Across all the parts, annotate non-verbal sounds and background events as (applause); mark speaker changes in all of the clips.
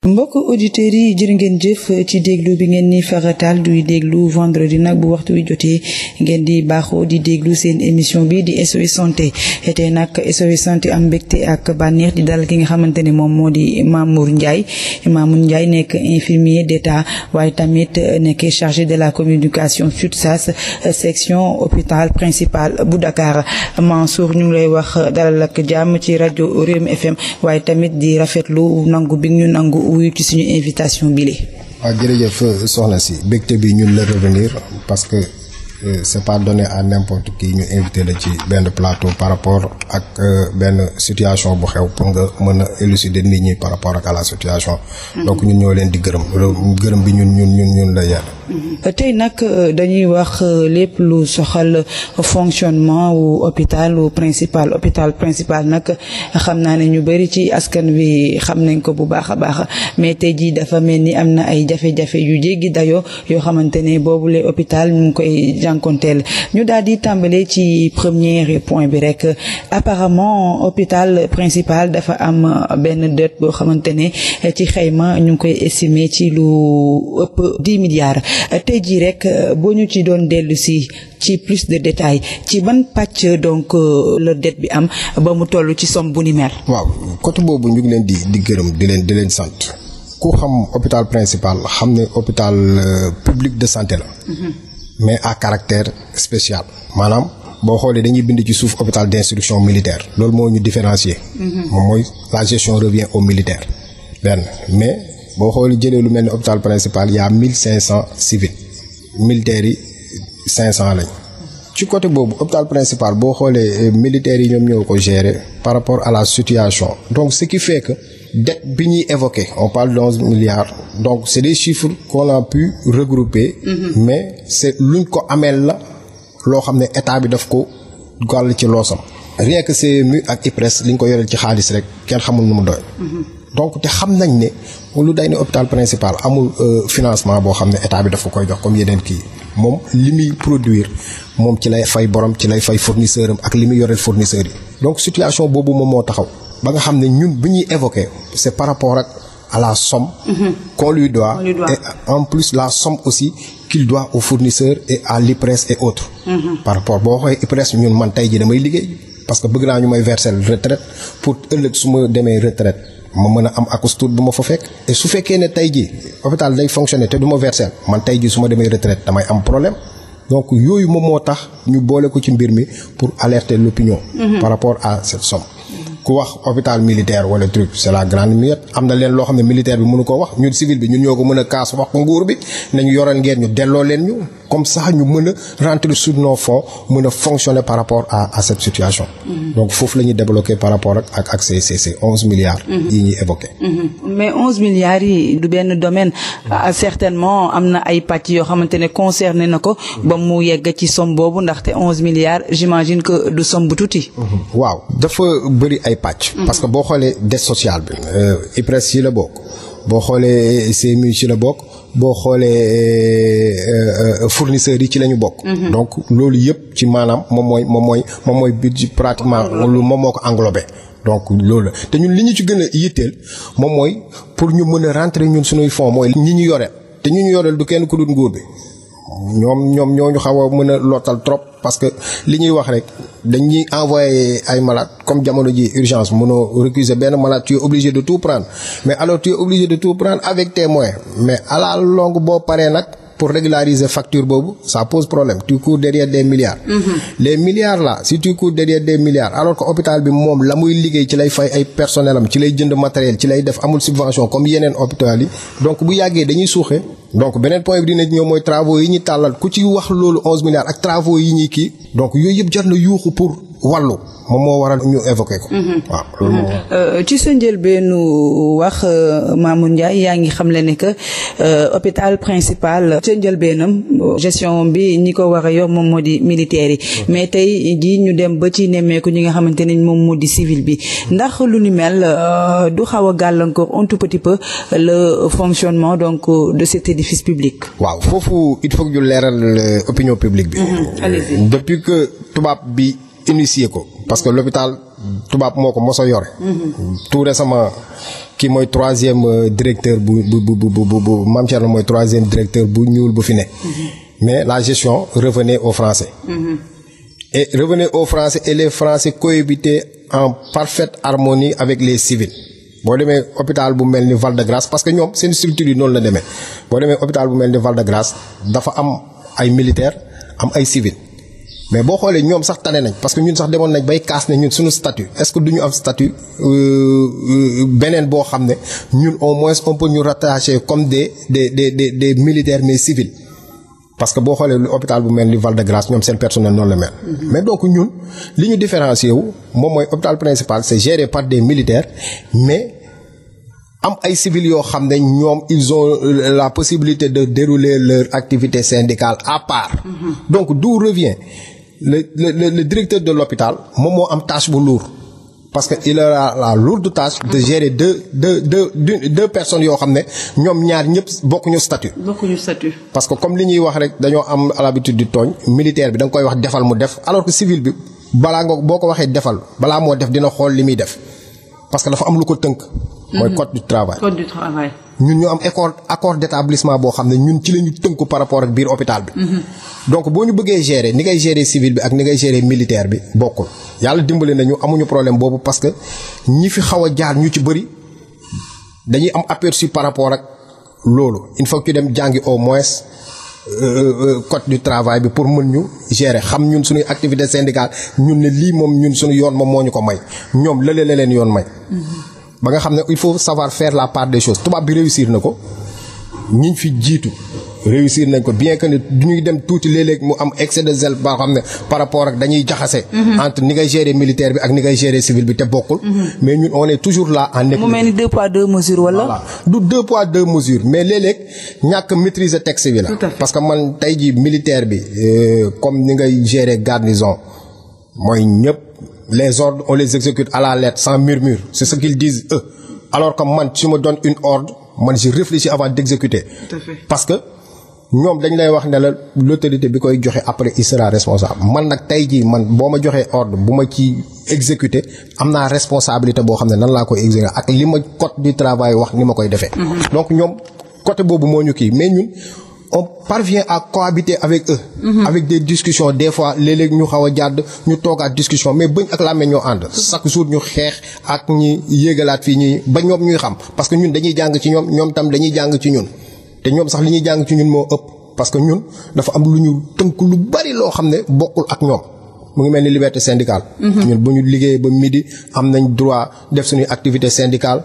Speaker 1: mbokk auditeurs yi jër ngeen jëf ci déglu bi ngeen ni feretal duy déglu vendredi nag bu waxtu wi jotee ngeen di baaxoo di déglu seen émission bi di SOS santé tey nag SOS santé am mbégte ak bànneex di dal ki nga xamante ne moom moo di Mamour Ndiaye Mamour Ndiaye nekk infirmier d'état waaye tamit nekk chargé de la communication SUTSAS section hôpital principal bu Dakar Mansour ñu ngi lay wax dalal ak jàmm ci rajo Rewmi FM waaye tamit di rafetlu nangu bi ñu nangu. wuyu ci suñu invitation bile.
Speaker 2: waaw ah, jërëjëf euh, soxna si bégte bi ñun la revenir parce que euh, c'est pas donné à n'importe qui ñu invité la ci benn plateau par rapport ak euh, benn situation bu xew pour nga mën a de nit ñi par rapport ak à la situation. Mm-hmm. donc ñun ñoo leen di gërëm. gërëm bi ñun ñun ñun ñun la yàlla.
Speaker 1: tey nag euh, dañuy wax euh, lépp lu soxal fonctionnement wu hôpital wu principal hôpital principal nag xam naa ne ñu bëri ci askan wi xam nañ ko bu baax a baax mais tey jii dafa mel ni am na ay jafe-jafe yu jéggi dayoo yoo xamante ne boobu le hôpital ñu ngi koy jànkonteel ñu daal di tàmbale ci premier point bi rek apparemment hôpital principal dafa am benn dette yoo xamante ne ci xayma ñu ngi koy estimer ci lu ëpp dix milliards. tey jii rek euh, boo ñu ci doon dellu si ci plus de détails ci ban pàcc donc euh, la dette bi am
Speaker 2: ba mu toll ci somme bu ni mel. waaw côté boobu ñu leen di di gërëm di leen di leen sant. ku xam hôpital principal xam ne hôpital euh, public de santé la. Mm-hmm. mais à caractère spécial. maanaam boo xoolee dañuy bind ci suuf hôpital d'instruction militaire. loolu moo ñu différencier. Mm-hmm. moom mooy la gestion revient aux militaires. benn mais boo xooli jëlee lu mel ni hôpital principal y' a mille cinq cent civils militaires yi cinq cent lañ ci côté boobu hôpital principal boo xoolee eh, militaires yi ñoom ñëw ko gérer par rapport à la situation donc ce qui fait que dette bi ñuy évoqué on parle d'onze milliards donc c' est des chiffres qu'on a pu regrouper. Mm-hmm. mais c' est luñ ko ameel la loo xam ne état bi daf ko gàll ci loosam. rien que CMU ak IPRES li ñu ko yoreel ci xaalis rek kenn xamul nu mu doy. Mm-hmm. donc te xam nañ ni lu day ne hôpital principal amul euh, financement boo xam ne état bi daf ko koy jox comme yeneen kii moom li muy produire moom ci lay fay borom ci lay fay fournisseur am ak li muy yore fournisseur yi. donc situation boobu moom moo taxaw ba nga xam ne ñun bu ñuy évoquer c'est par rapport ak à la somme. Mhm. qu'on lui doit et en plus la somme aussi qu'il doit aux fournisseurs et à l'IPRES et autres. Mhm. par rapport boo waxee IPRES ñun man tey ji damay liggéey parce que bëgg naa ñu may verser retraite pour ëllëg su ma demee retraite. ma mën a am akus tuut bu ma fa fekk te su fekkee ne tey jii hôpital day fonctionner te du ma versel man tey jii su ma demee retraite damay am problème donc yooyu moom moo tax ñu boole ko ci mbir mi pour alerter l'opinion mhm. par rapport à cette somme ku wax hôpital militaire wala truc c'est la grande muette am na leen loo xam ne militaire bi mënu ko wax ñu civil bi ñu ñoo ko mën a kaas wax ko nguur bi nañu yoral ngeen ñu delloo leen ñu comme sax ñu mën rentre rentrer sur nos fonds mën a par rapport à à cette situation. Mhm. donc foofu la ñuy débloquer par rapport ak ak ces ces onze milliards. Mhm. yi ñuy évoqué.
Speaker 1: Mhm. mais onze milliards yi du benn domaine ah, certainement am na ay pàcc yoo xamante ne concerné na ko ba mu yegg ci somme boobu ndaxte onze milliards j'imagine que du somme bu tuuti.
Speaker 2: waaw dafa bëri ay pàcc. parce que boo xoolee des sociale bi. Euh, IPRES ci la bokk boo xoolee CMU ci la bokk. boo xoolee euh, euh, fournisseurs yi ci la ñu bokk. Mhm. donc loolu yëpp ci maanaam moom mooy moom mooy moom mooy budget pratiquement lu moom moo ko englobé. donc loolu la te ñun li ñu ci gën a yitteel moom mooy pour ñu mën a rentrer ñun suñuy fonds mooy ñi ñu yoreel te ñi ñu yoreel du kenn ku dul nguur bi. ñoom ñoom ñoo ñu xaw a mën a lottal trop parce que li ñuy wax rek dañuy envoyé ay malade comme jamono ji urgence mënoo récuser benn malade tu es obligé de tout prendre mais alors tu es obligé de tout prendre avec tes moyens mais à la longue boo paree nag pour régulariser facture boobu ça pose problème tu cours derrière des milliards. Mmh. les milliards là si tu cours derrière des milliards alors que hôpital bi moom la muy liggéey ci lay fay ay personnel am ci lay jënd matériel ci lay def amul subvention comme yeneen hôpital yi donc bu donc beneen point bi dina ñëw mooy travaux yi ñu tàllal ku ci wax loolu onze milliards ak travaux yi ñu kii donc yooyu yëpp jar na yuuxu pour wàllu moom moo waral ñu évoqué ko. Mhm.
Speaker 1: Euh, ci sa wax euh, Mamour Ndiaye yaa ngi xamle ne que euh, hôpital principal. ca njëlbeenam gestion bi ñi ko war a moom moo di militaire yi. Mhm. mais tey jii ñu dem ba ci nemmeeku ñi nga xamante ne moom moo di civil bi mhm. ndax lu ni mel du xaw a gàllankoor un tout petit peu
Speaker 2: le fonctionnement donc de cet édifice public. waaw foofu il faut que ñu leeral opinion publique bi. depuis que tubaab bi. initier ko parce que l'hôpital tubaab moo ko moso a yore. tout récemment kii mooy troisième euh, directeur bu bu bu bu bu Mame Thierno mooy troisième directeur bu ñuul bu fi ne. mais la gestion revenait aux Français. et revenait aux Français et les Français cohabitaient en parfaite harmonie avec les civils. boo demee hôpital bu mel ni Val de Grâce parce que ñoom seen structure yi noonu la demee boo demee hôpital bu mel ni Val de Grâce dafa am ay militaires am ay civils. mais boo xoolee ñoom sax tane nañ parce que ñun sax demoon nañ bay kaas ne ñun suñu statut est-ce que du am statut euh, euh, beneen boo xam ne ñun au moins on peut ñu rattacher comme des de de des des militaires mais civils. parce que boo xoolee lu hôpital bu mel ni Val de Grâce ñoom seen personnel noonu la mel. Mm-hmm. mais donc ñun li ñu différencier wu moom mooy hôpital principal c'est géré par des militaires mais. am ay civils yoo xam ne ñoom ils ont euh, la possibilité de dérouler leur activité syndicale à part. Mm -hmm. donc d'où revient le le le directeur de l'hôpital moom moo am tâche bu lourd parce que il aura la lourde tâche de gérer deux deux deux deux personnes yoo xam ne ñoom ñaar ñëpp bokkuñu statut. bokkuñu statut. parce que comme li ñuy wax rek dañoo am à l'habitude di tooñ militaire bi danga koy wax defal mu def alors que civil bi balaa nga boo ko waxee defal balaa moo def dina xool li muy def parce que dafa am lu ko tënk. mooy mm-hmm. code du
Speaker 3: travail.
Speaker 2: ñun ñu am accord accord d'établissement boo xam ne ñun ci la ñu tënku par rapport ak biir hôpital bi. Mhm. donc boo ñu bëggee gérer ni ngay gérer civil bi ak ni ngay gérer militaire bi bokkul yàlla dimbale nañu amuñu problème boobu parce que ñi fi xaw a jaar ñu ci bëri dañuy am aperçu par rapport ak loolu il faut dem jàngi au moins. Euh, euh, code du travail bi pour mën ñu gérer xam ñun suñuy activité syndicale ñun ne lii moom ñun suñu yoon moom moo ñu ko may ñoom lële la leen yoon may. Mhm. ba nga xam ne il faut savoir faire la part des choses tubaab bi réussir na ko ñiñ fi jiitu réussir nañ ko bien que ni du ñuy dem tuuti léeg-léeg mu am excès de zèle boo xam ne par rapport ak dañuy jaxase. Mhm. entre ni ngay gérer militaire bi ak ni ngay gérer civil bi te bokkul. Mhm. mais ñun on est toujours là en équilibre. mu mel ni deux poids deux mesures wala. voilà mais léeg-léeg ñàkk maîtriser texte bi la. parce que man tey jii militaire bi euh, comme ni ngay gérer garnison mooy ñëpp. les ordres, on les exécute à la lettre, sans murmure. C'est ce qu'ils disent, eux. Alors que man, tu me donnes une ordre, man, je réfléchis avant d'exécuter. Tout à fait. Parce que, ñoom dañ lay wax ne la l'autorité bi koy joxe après il sera responsable man nag tey jii man boo ma joxee ordre bu ma ci exécuter am naa responsabilité boo xam ne nan laa koy exécuter ak li ma code du travail wax ni ma koy defee. Mhm. donc ñoom côté boobu moo ñu kii mais ñun. on parvient à cohabiter avec eux. Mm -hmm. avec des discussions des fois léeg ñu xaw a jàdd ñu toogaat discussion mais bëñ ak làmmiñ ñoo ànd. chaque jour ñu xeex ak ñi yéegalaat fii ñi ba ñoom ñuy xam parce que ñun dañuy jàng ci ñoom ñoom tam dañuy jàng ci ñun te ñoom sax li ñuy jàng ci ñun moo ëpp parce que ñun dafa am lu ñu tënk lu bari loo xam ne bokkul ak ñoom. mu ngi mel ni liberté syndicale. Mhm. ñun bu ñu liggéeyee ba midi am nañ droit def suñuy activité syndicale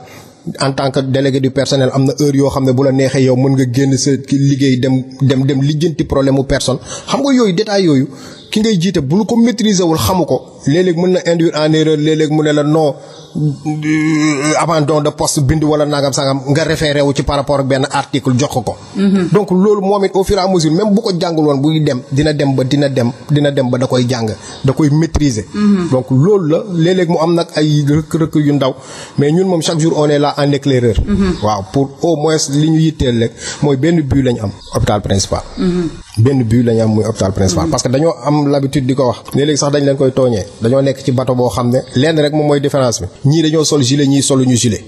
Speaker 2: en tant que délégué du personnel am na heure yoo xam ne bu la neexee yow mën nga génn sa liggéey dem dem dem lijjanti problème mu personne xam nga yooyu détail yooyu ki ngay jiite bu lu ko maîtriser wul xamu ko léeg-léeg mën na induire en erreur léeg mu ne la non euh, abandon de post bind wala nangam sangam nga référé wu ci par rapport ak benn article jox ko. Mhm. donc loolu moom it au fur et à mesure même bu ko jàngul woon buy dem dina dem ba dina dem dina dem ba da koy jàng da koy maîtriser. Mhm. donc loolu la léeg mu am nag ay rëkk rëkk yu ndaw mais ñun moom chaque jour on est en éclaireur. Mhm. waaw pour au moins li ñu yitteel rek mooy benn but lañ am hôpital benn but la ñu am muy hôpital principal mm-hmm. parce que dañoo am l'habitude di ko wax léeg-léeg sax dañ leen koy tooñee dañoo nekk ci bato boo xam ne lenn rek moom mooy différence bi ñii dañoo sol gilet ñii soluñu gilet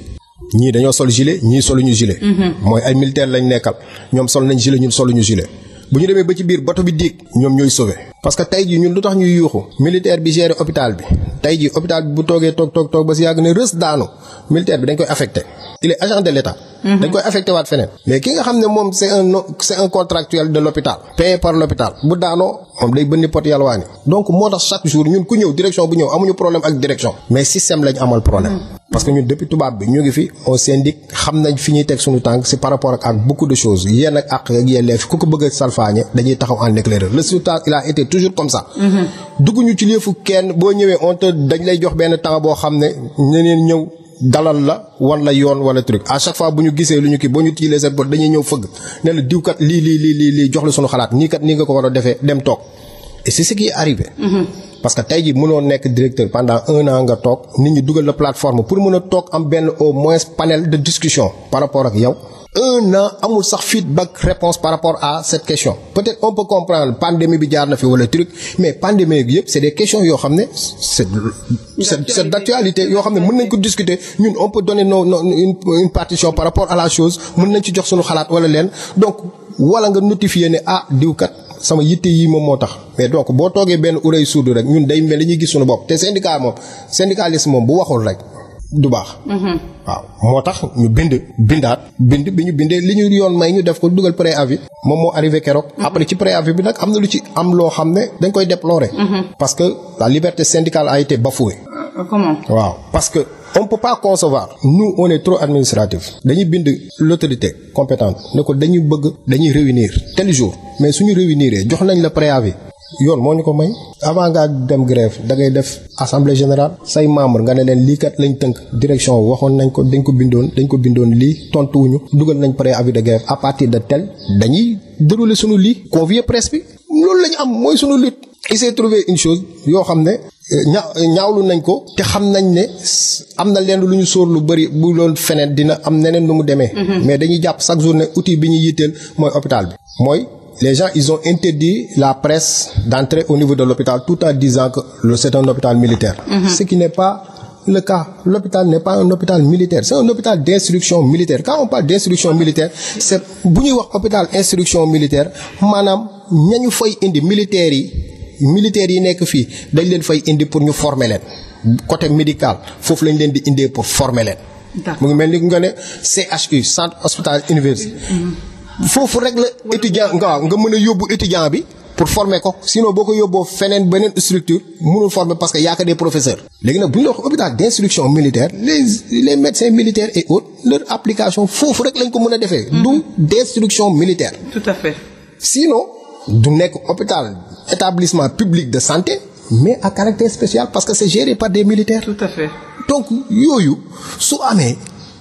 Speaker 2: ñii dañoo sol gilet ñii soluñu gilet mm-hmm. mooy ay militaire lañ nekkal ñoom sol nañ gilet ñun soluñu gilet bu ñu demee ba ci biir bato bi diig ñoom ñooy sauvé parce que tey ji ñun lu tax ñuy yuuxu militaire bi géré hôpital bi tey ji hôpital bu toogee toog toog ba si yàgg ne rës daanu militaire bi dañ koy affecté il agent de l' mhm. dañ koy affecté waat feneen. mais ki nga xam ne moom c' un contractuel de l' hôpital. par l' bu daanoo moom day bënni pot yalwaani donc moo tax chaque jour ñun ku ñëw direction bu ñëw amuñu problème ak direction. mais système lañ amal problème. Mhm. parce que ñun depuis toujours comme ça. Mhm. dugguñu ci léefu kenn boo ñëwee on te dañ lay jox benn temps boo xam ne ñeneen ñëw. dalal la wan la yoon wala truc à chaque fois bu ñu gisee lu ñu kii boo ñu tiilee seen bët dañuy ñëw fëgg ne la diw kat lii lii lii lii jox la sunu xalaat nii kat nii nga ko war a defee dem toog et c'est ce arrivé. Mhm. parce que tey jii mënoo nekk directeur pendant un an nga toog nit ñi dugal la plateforme pour mën a toog am benn au moins panel de discussion par rapport ak yow. un an amul sax feedback réponse par rapport à cette question peut-être on peut comprendre pandémie bi jaar na fi wala truc mais pandémie bi yëpp c'est des questions yoo xam ne c'est c'est d'actualité yoo xam ne mën nañ ko discuter ñun on peut donner nos une partition par rapport à la chose mën nañ ci jox suñu xalaat wala leen donc wala nga notifier ne ah diwkat sama yitte yi moom moo tax mais donc boo toogee benn oreille sourde rek ñun day mel ni ñuy gis suñu bopp te syndicat moom syndicalisme moom bu waxul rek du baax. Mhm. waaw moo tax ñu bind bindaat bind bi ñu bindee li ñu yoon may ñu def ko dugal préavis moom moo arrivé keroog. Mhm. après ci préavis bi nag am na lu ci am loo xam ne dañ koy déplorer. Mhm. parce que la liberté syndicale a été bafouée. comment waaw parce on peut pas concevoir nous on est trop administratif dañuy bind l'autorité compétente ne ko dañuy bëgg dañuy réunir tel jour mais suñu réunir jox nañ la préavis yoon moo ñu ko may avant ngaa dem grève da ngay def assemblée générale say membre nga ne leen lii kat lañ tënk direction waxoon nañ ko dañ ko bindoon dañ ko bindoon lii tontuwuñu dugal nañ préavis de grève à partir de tel dañuy dérouler suñu lii convier presse bi loolu lañu am mooy suñu lutte il s'est yoo xam ne ña ñaawlu nañ ko te xam nañ ne am na leen lu ñu sóor lu bëri bu loon feneen dina am neneen nu mu demee. Mhm. mais dañuy jàpp chaque jour ne outil bi ñu yitteel mooy hôpital bi. mooy les gens ils ont interdit la presse d'entrer au niveau de l'hôpital tout en disant que c'est un hôpital militaire. Mmh. ce qui n'est pas le cas l'hôpital n'est pas un hôpital militaire c'est un hôpital d'instruction militaire quand on parle d'instruction militaire c'est bu ñuy wax hôpital instruction militaire maanaam ñañu fay indi militaire yi. militaires yi nekk fii dañ leen fay indi pour ñu former leen côté médical foofu lañ leen di indee pour former leen. mu ngi mel ni nga ne CHU centre hospital université. Mm-hmm. foofu rek la étudiant nga nga mën a yóbbu étudiant bi. pour former ko sinon boo ko yóbboo feneen beneen structure mënul former parce que yaaka des professeurs. léegi nag bu ñu la wax hôpital d' instruction militaire les les médecins militaires et application foofu rek lañ ko mën a defee. Mm-hmm. du d' instruction militaire. tout du nekk hôpital établissement public de santé mais a caractère spécial parce que c'est géré par des militaires. tout à fait yooyu su amee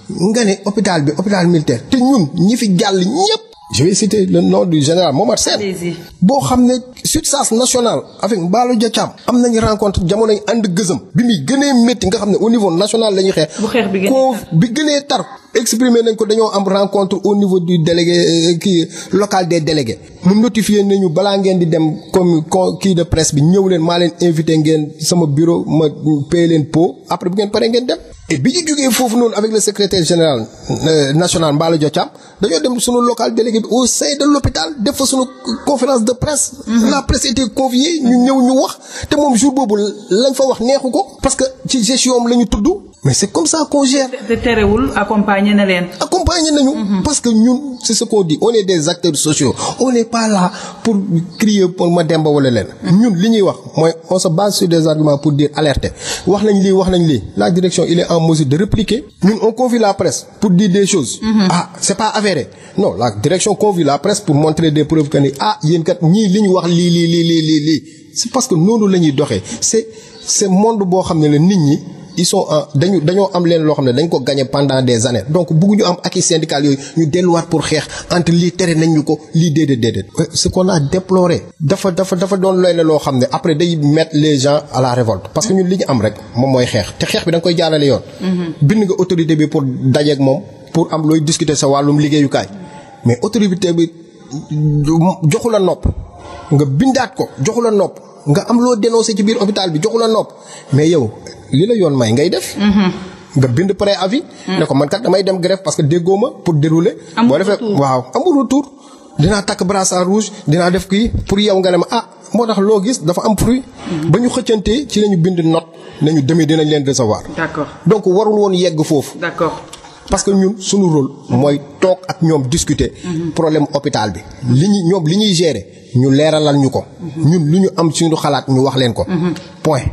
Speaker 2: nga ne hôpital bi hôpital militaire te ñun ñi fi jàll ñëpp. je vais le nom du général Momar Sène. boo xam ne sursace nationale avec Mballo Dia Thiam. am nañu rencontre jamono yi ànd gëzëm. bi muy gënee métti nga xam ne au niveau national la ñuy xeex. bu xeex bi gënee bi gënee tar. exprimer nañ ko dañoo am rencontre au niveau du délégué euh, kii local des délégués mu notifié nañu balaa ngeen di dem comme kii de presse bi ñëw leen maa leen invité ngeen sama bureau ma paye leen pot après bu ngeen paree ngeen dem. et bi ñu jógee foofu noonu avec le secrétaire général euh, national Mballo Diothiam dañoo dem suñu local délégué bi au sein de l'hôpital def fa suñu conférence de presse. Mhm. la presse était conviée ñu ñëw ñu wax te moom jour boobu lañ fa wax neexu ko parce que ci gestion la ñu tudd. mais c' est comme ça qu'on gère. te terewul accompagner na leen. accompagner nañu. Mm-hmm. parce que ñun c' est ce qu'on des acteurs sociaux on n'est pas là pour crier pour ma demba wala leen. Mm-hmm. ñun li ñuy wax mooy on sa base sur des arguments pour dire alerter wax nañ lii wax nañ lii la direction il est en mesure de répliquer. ñun on convie la presse pour dire des choses. Mm-hmm. ah c' est pas avéré non la direction convie la presse pour montrer des preuves que ni ah yéen kat ñii li ñu wax lii lii lii lii lii c' est parce que noonu la ñuy doxee c' est monde boo xam ne la nit ñi. ils sont euh, dañu dañoo am leen loo xam ne dañ ko gagné pendant des années donc bëgguñu am acquis syndical yooyu ñu delluwaat pour xeex entre lii tere nañ ñu ko lii déedéet déedéet. Euh, ce qu'on a déploré dafa dafa dafa doon looy loo xam ne après day mettre les gens la révolte parce que ñun li ñu am rek moom mooy xeex te xeex bi da nga koy jaarale yoon. Mm-hmm. bind nga autorité bi pour dajeeg moom pour am looy discuter sa wàllum liggéeyukaay mais autorité bi mm, joxu la nopp nga bindaat ko joxu la nopp nga am loo dénoncé ci biir hôpital bi joxu la nopp mais yow li la yoon may ngay def. Mhm. nga bind préavis. Mhm. ne ko man kat damay dem grève parce que déggoo ma pour dérouler. boo defee waaw amul retour. dinaa takk brassard rouge dinaa def kii pour yow nga ne ma ah moo tax loo gis dafa am fruit. Mhm. ba ñu xëccantee ci la ñu bind note nañu demee dinañ leen recevoir. d'accord donc warul woon yegg foofu. d'accord parce que ñun suñu rôle mooy toog ak ñoom discuter problème hôpital bi li ñu ñoom li ñuy gérer ñu leeralal ñu ko ñun lu ñu am suñu xalaat ñu wax leen ko point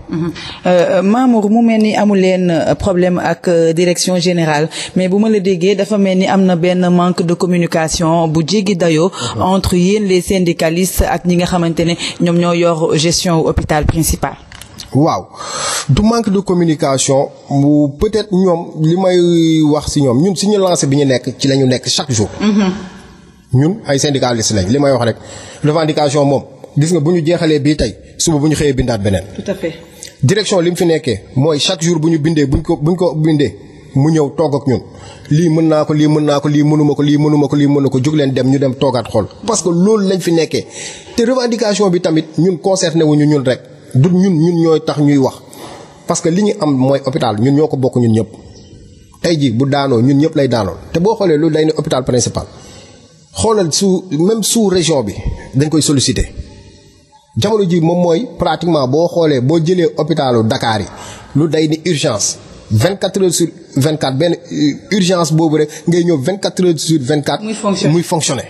Speaker 2: euh, euh, Mamour mu mel ni amul
Speaker 1: leen euh, problème ak direction générale mais bu ma la déggee dafa mel ni am na benn manque de communication bu jéggi dayoo entre yéen les syndicalistes ak ñi nga xamante ne ñoom ñoo yor gestion hôpital principal
Speaker 2: waaw du manque de communication mu peut-être ñoom li may wax ci ñoom ñun suñu lancé bi ñu nekk ci la ñu nekk chaque jour. Mm-hmm. ñun ay syndicalistes lañ li may wax rek revendication moom gis nga bu ñu jeexalee bii tey suba bu ñu xëyee bindaat beneen. tout à direction li mu fi nekkee mooy chaque jour bu ñu bindee bu ñu ko bu ko bindee mu ñëw toog ak ñun lii mën naa ko lii mën naa ko lii mënuma ko lii mënuma ko lii mënu ko jóg leen dem ñu dem toogaat xool. parce que loolu lañ fi nekkee te revendication bi tamit ñun concerné wuñu ñun rek. du ñun ñun ñooy tax ñuy wax parce que li ñu am mooy hôpital ñun ñoo ko bokk ñun ñëpp tey jii bu daanoo ñun ñëpp lay daanoo te boo xoolee lu day ni hôpital principal xoolal su même sous région bi dañ koy solliciter jamono ji moom mooy pratiquement boo xoolee boo jëlee hôpitalu dakaar yi lu day ni urgence 24 heures sur 24 benn euh, urgence boobu rek ngay ñëw 24 heures sur 24. muy fonctionner muy fonctionner.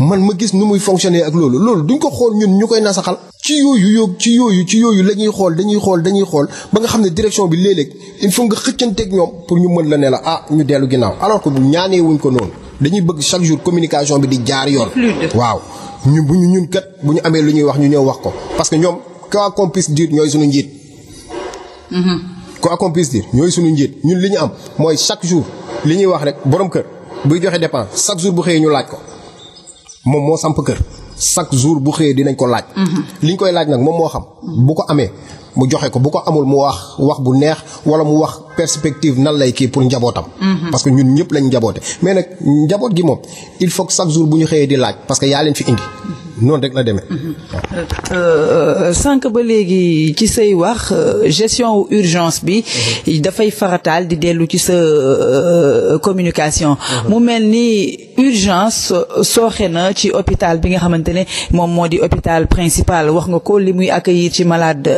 Speaker 2: man ma gis nu muy fonctionner ak loolu loolu duñ ko xool ñun ñu koy nasaxal ci yooyu yo ci yooyu ci yooyu la ñuy xool dañuy xool dañuy xool ba nga xam ne direction bi léeg-léeg il faut nga xëccanteeg ñoom pour ñu mën la ne la ah ñu dellu ginnaaw alors que bu ñaanee wuñ ko noonu dañuy bëgg chaque jour communication bi di jaar yoon. waaw ñu bu ñu ñun kat bu ñu amee lu ñuy wax ñu ñëw wax ko parce que ñoom quoi qu'on puisse ñooy suñu njiit. Mm-hmm. quoi qu'on puisse dire ñooy suñu njiit ñun li ñu am mooy chaque jour li ñuy wax rek borom kër buy joxe dépense chaque jour bu xëyee ñu laaj ko moom moo samp kër chaque jour bu xëyee dinañ ko laaj. liñ koy laaj nag moom moo xam. bu ko amee mu joxe ko bu ko amul mu wax wax bu neex wala mu wax perspective nan lay kii pour njabootam. Mhm. parce que ñun ñëpp lañ njaboote mais nag njaboot gi moom il faut chaque jour bu ñu xëyee di laaj parce que yaa leen fi indi. noonu rek la demee.
Speaker 3: Euh,
Speaker 1: euh, sànq ba léegi ci say wax euh, gestion wu urgence bi. Mhm. dafay farataal di dellu ci sa communication. Mhm. mu mel ni urgence sooxe na ci hôpital bi nga xamante ne moom moo di hôpital principal wax nga ko li muy accueillir ci malade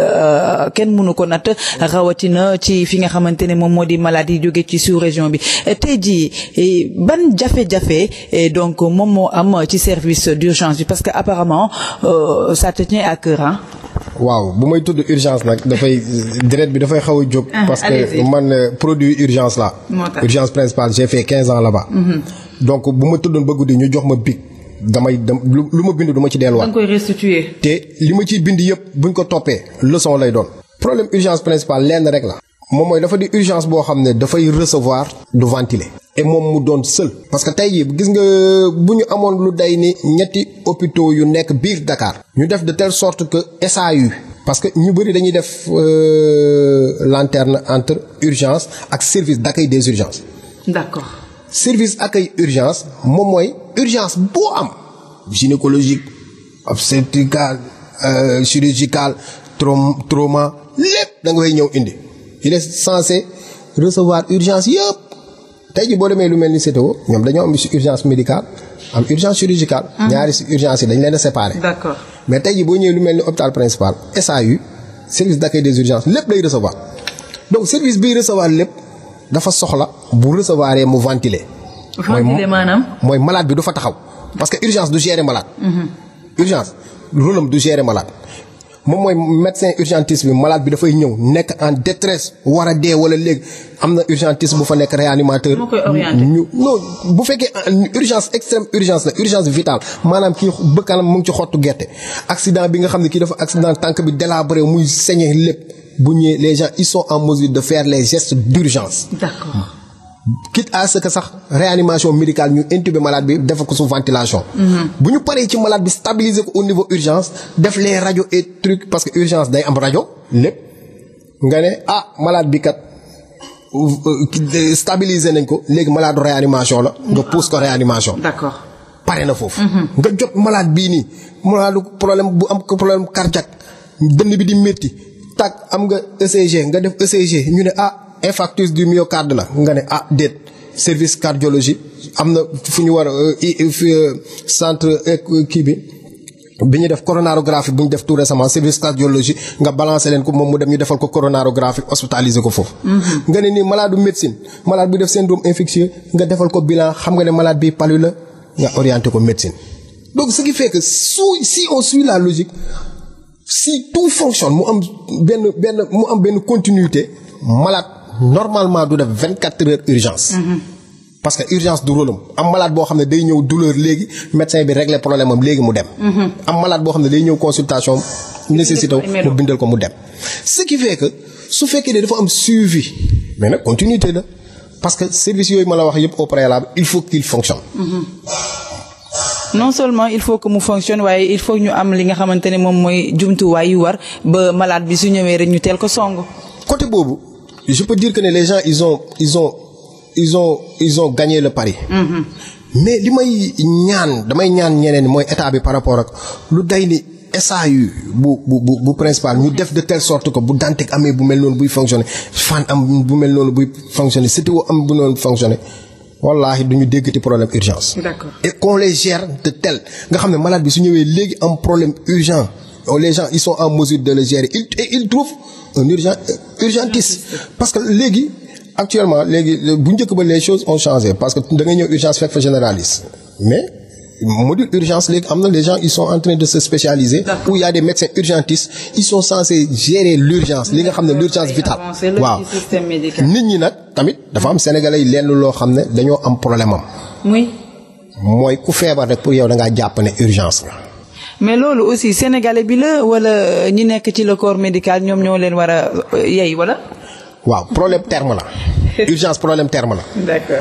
Speaker 1: kenn mënu ko natt rawatina ci fi nga xamante ne moom moo di malade yi jóge ci sous région bi te jii ban jafe-jafe donc moom moo am ci service d'urgence bi parce que apparemment euh, ça te
Speaker 2: waaw bu may tudd urgence nag dafay deret bi dafay xaw a jóg. Ah, parce que man euh, produit urgence la urgence principale j'ai fait quinze ans là-bas. Mm-hmm. donc bu ma tuddoon ba guddi ñu jox ma bic damay dem lu ma bind du ci delluwaat. da te li ma ciy bind yëpp buñ ko toppee leçon lay doon. problème urgence principale lenn rek la. moom mooy dafa di urgence boo xam ne dafay recevoir du ventiler. et moom mu doon seul. parce que tey jii gis nga bu ñu amoon lu day ni ñetti hôpitaux yu nekk biir dakaar ñu def de telle sorte que SAU. parce que ñu bëri dañuy def euh, lanterne entre urgence ak service d'accueil des urgences. d'accord. service accueil urgence moom mooy urgence boo am. gynécologique obstétricale euh, chirurgicale trauma lépp da nga ñëw indi. il est censé recevoir urgence yëpp tey ji boo demee lu mel ni CTO ñoom dañoo am urgence médicale am urgence chirurgicale. Ah. ñaari si urgence yi dañ leen a mais tey ji boo ñëwee lu mel ni hôpital principal SAU service d'accueil des urgences lépp lay recevoir donc service biy recevoir lépp dafa soxla bu recevoir mu ventiler. ventiler maanaam mooy malade bi du fa taxaw. parce que urgence du gérer malade. Mhm. urgence rôle am du gérer malade. moom mooy médecin urgentiste bi malade bi dafay ñëw nekk en détresse war a dee wala léegi am na urgentiste bu fa nekk réanimateur. ñu non bu fekkee euh, urgence extrême urgence la urgence vitale maanaam kii bëkkanam mu ngi ci xottu gerte accident bi nga xam ne kii dafa accident tànk bi délabré muy saigné lépp bu ñëwee les gens ils sont en mesure de fair les gestes d'urgence. quitte à ce que sax réanimation médicale ñu intubé malade bi defal ko sous ventilation. Mhm. bu ñu paree ci malade bi stabiliser ko au niveau urgence def les rajo et truc parce que urgence day am rajo lépp nga ne ah malade bi kat euh, euh, stabiliser nañ ko léegi malade réanimation la. nga mhm. pousse ko réanimation. d'accord pare na foofu. Mhm. nga jot malade bii nii malade problème bu am problème cardiaque dënn bi di métti tàkk am nga ECG nga def ECG ñu ne ah. infarctus du myocarde la nga ne ah déet service cardiologie am na fu ñu war a euh, euh, centre euh, kii bi bi ñu def coronarographie bu ñu def tout récemment service cardiologie nga balancé leen ko moom mu dem ñu defal ko coronarographie hospitalisé ko foofu. Mm-hmm. nga ne nii malade médecine malade bu def syndrome infectieux nga defal ko bilan xam nga ne malade bi palu la nga orienté ko médecine. donc ce qui fait que su si o suit la logique si tout fonctionne mu am benn benn mu am benn continuité malade. normalement du def vingt quatre heures urgence. parce que urgence du rôle am malade boo xam ne day ñëw douleur léegi médecin bi régler problème am léegi mu dem. am malade boo xam ne day ñëw consultation am. mu bindal ko mu dem. ce qui fait que su fekkee ne dafa am suivi mais nag continuité la parce service yooyu ma la wax yëpp au préalable il faut qu'il fonctionne.
Speaker 1: non seulement il faut que mu fonctionne waaye il faut ñu am li nga xamante moom mooy
Speaker 2: je peux dire que ne les gens ils ont ils ont ils ont ils ont gagné le pari. Mm-hmm. mais li may ñaan damay ñaan ñeneen mooy état bi par rapport ak lu day ni SAU bu bu bu bu principal ñu def de telle sorte ko bu Dantec amee bu mel noonu buy fonctionner fan am bu mel noonu buy fonctionner CTO am bu noonu fonctionner wallahi du ñu déggati problème urgence. d'accord et qu'on les gère de tel nga xam ne malade bi su ñëwee léegi am problème urgent les gens ils sont en mesure de le gérer ils et un urgent urgentiste parce que léegi actuellement léegi bu njëkk ba les choses ont changé parce que da ngay ñëw urgence fekk fa généraliste mais module urgence léegi am na les gens ils sont en de se spécialiser où il y a des médecins urgentistes ils sont censés gérer l'urgence li nga xam ne l'urgence vitale waaw nit ñi nag tamit dafa am sénégalais yi lenn loo xam ne dañoo am problème am mooy ku feebar rek pour yow da ngaa jàpp ne urgence la
Speaker 1: mais loolu aussi sénégalais bi la
Speaker 2: wala ñi nekk ci la corps médical ñoom ñoo leen war a euh, yey wala. waaw problème terme la. (laughs) urgence problème terme la.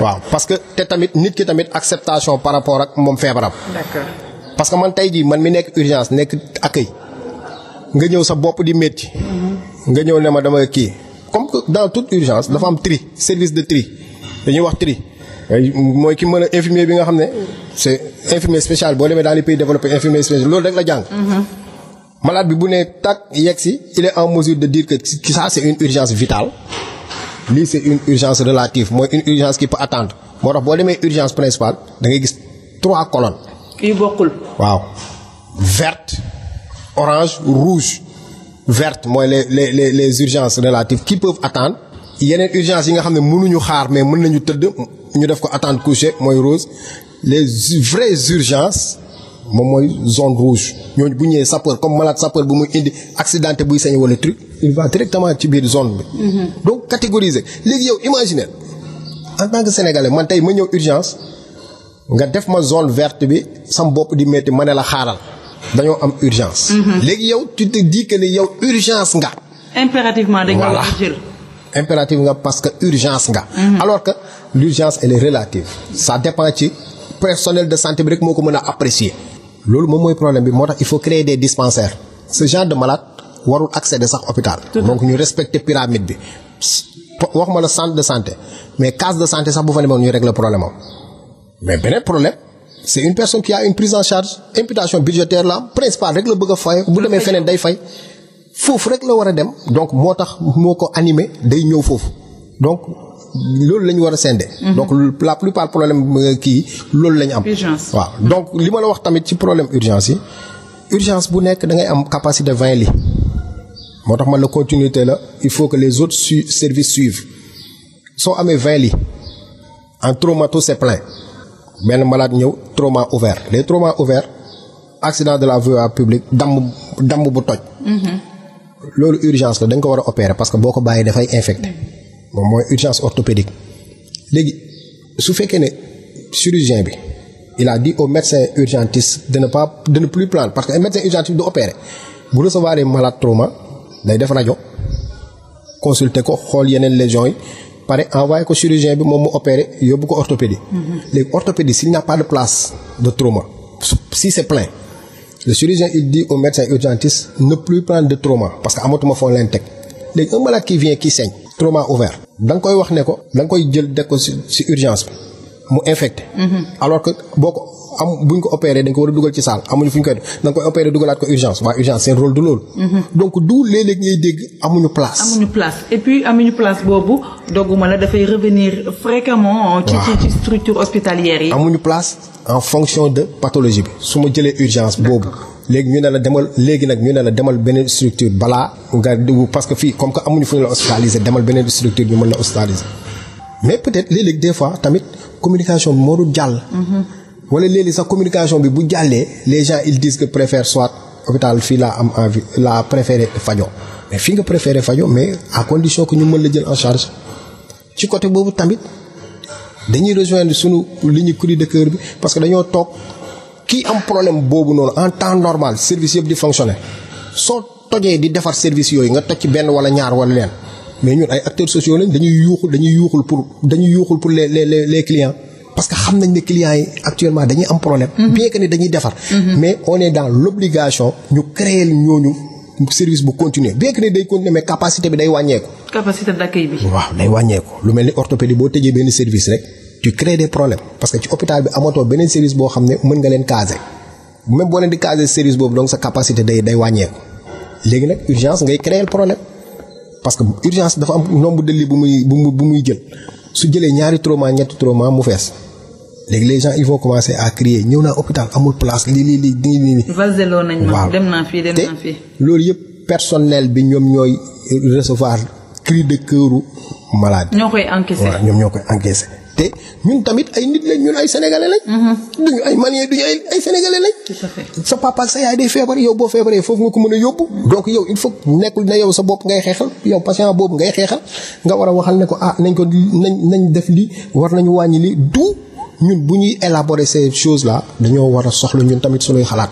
Speaker 2: waaw parce que te tamit nit ki tamit acceptation par rapport ak moom feebaram. d'accord parce que man tey jii man mi nekk urgence nekk accueil nga ñëw sa bopp di métti.
Speaker 3: Mm-hmm.
Speaker 2: nga ñëw ne ma dama kii comme que dans toute urgence dafa am tri service de tri dañuy wax tri. mooy ki mën a infirmier bi nga xam ne c'est infirmier spécial boo demee dans les pays développés infirmier spécial loolu rek la jàng. Mm-hmm. malade bi bu ne tak yegg si il est en mesure de dire que ça c'est une urgence vitale lii c'est une urgence relative mooy une urgence qui peut attendre moo tax boo demee urgence principale da ngay gis trois colonnes. yu bokkul. waaw verte orange rouge verte mooy les les les les urgences relatives qui peuvent attendre yeneen urgence yi nga xam ne mënuñu xaar mais mën nañu tëdd. ñu def ko attente couchée mooy rose les vraies urgences moom mooy zone rouge ñooñu bu ñëwee sapeur comme malade sapeur bu muy indi accidenté buy sañ wala truc il va directement ci biir zone bi. Mhm. donc catégoriser léegi yow imaginer en tant que sénégalais man tey ma ñëw urgence nga def ma zone vert bi sam bopp di métti ma ne la xaaral dañoo am urgence. Mhm. léegi yow tu te dis ni yow urgence nga.
Speaker 1: impérativement dañ ko
Speaker 2: impératif nga parce que urgence nga. Mhm. alors que l'urgence elle est relative. ça ci personnel de santé bi rek moo ko mën a apprécier. loolu moom mooy problème bi moo tax il faut créer des dispensaires ce genre de malade warul accéder sax hôpital. donc ñu respecter pyramide bi. waxuma la centre de santé mais case de santé sax bu fa demoon ñu régler problème am mais beneen problème. c'est une personne qui a une prise en charge imputation budgétaire la principal day fay. foofu rek la war a dem donc moo tax moo ko animé day ñëw foofu donc loolu la ñu war a sende mhm. donc la plupart problème euh, kii loolu la ñu am. waaw donc li ma la wax tamit ci problème urgence yi urgence bu nekk da ngay am capacité vingt lits moo tax man la continuité la il faut que les autres su services suivent soo amee vingt li en traumato c'est plein benn malade ñëw trauma ouvert les traumas ouverts accident de la voie publique damm damm bu toj. Mhm. loolu urgence la da nga ko war a opérer parce que boo ko bàyyee dafay infecté moom mooy urgence orthopédique léegi su fekkee ne chirurgien bi il a dit au médecin urgentiste de ne pas de ne plus plaindre parce que un médecin urgentiste du opérer bu recevoir malade trauma day def rajo consulter ko xool yeneen lésions yi pare envoyé ko chirurgien bi moom mu opérer yóbbu ko orthopédie mm-hmm. léegi orthopédie si n'y a pas de place de trauma si c'est plein le chirurgien il dit au médecin urgentiste ne plus prendre de trauma parce que amatuma foo leen teg léegi un malade qui vient qui saigne trauma ouvert da koy wax ne ko da koy jël deg ko si urgence bi mu infecté mhm. alors que boo ko am buñ ko opéré dañ ko war a dugal ci salle amuñu fuñ koy def da nga koy opéré dugalaat ko urgence waa mhm. en fonction de pathologie bi su ma jëlee urgence boobu. léegi ñu ne la demal léegi nag ñu ne la demal beneen structure balaa nga parce que fii comme que amuñu fu ñu la hospitaliser demal beneen structure ñu mën la hospitaliser mais peut-être léeg des fois tamit communication bi moo dul jàll. Mhm. wala léegi sa communication bi bu jàllee les gens ils disent que préfère soit hôpital fii laa am envie laa préféré fajo mais fii nga préféré fajo mais à condition que ñu mën la jël en charge ci côté boobu tamit dañuy rejoindre sunu ligne cri de cœur bi parce que dañoo toog kii am problème boobu noonu en temps normal service yëpp di fonctionner soo tojee di defar service yooyu nga toj ci benn wala ñaar wala leen mais ñun ay acteurs sociaux lañ dañuy yuuxul dañuy yuuxul pour dañuy yuuxul pour les les les clients. parce que xam nañ ne clients yi actuellement dañuy am problème. Mhm. bien que ne dañuy defar. Mhm. mais on est dans l'obligation ñu créer ñooñu service bu continuer bien que ne day continuer mais capacité bi day wàññeeku.
Speaker 1: capacité d'accueil
Speaker 2: lu mel ni orthopédie boo tëjee benn service rek tu crées des problèmes parce que ci hôpital bi amatoo beneen service boo xam ne mën nga leen caser même boo leen di caser service boobu donc sa capacité day day wàññeeku léegi nag urgence ngay créer problè parce que urgence dafa am nombre de lits bu muy bu muy jël su jëlee ñaari trauma ñetti trauma mu fees. léegi les gens ils vont commencer à crier ñëw naa hôpital amul place lii lii lii nii nii.
Speaker 1: vaseloo nañ ma dem naa fii dem naa
Speaker 2: loolu yëpp personnel bi ñoom ñooy recevoir cri de cœuru malade. ñoo koy encaisser ñoom ñoo koy encaisser. te ñun tamit ay nit lañ ñun ay sénégalais lañ. Mhm. duñu ay malien duñu ay ay sénégalais sa papa ak sa yaay day feebar yow boo feebaree foofu nga ko mën a yóbbu. donc yow il faut nekkul na yow sa bopp ngay xeexal yow patient boobu ngay xeexal nga war a waxal ne ko ah nañ ko nañ nañ def lii war nañu wàññi lii du. ñun bu ñuy élaborer ces choses là dañoo war a soxla ñun tamit suñuy xalaat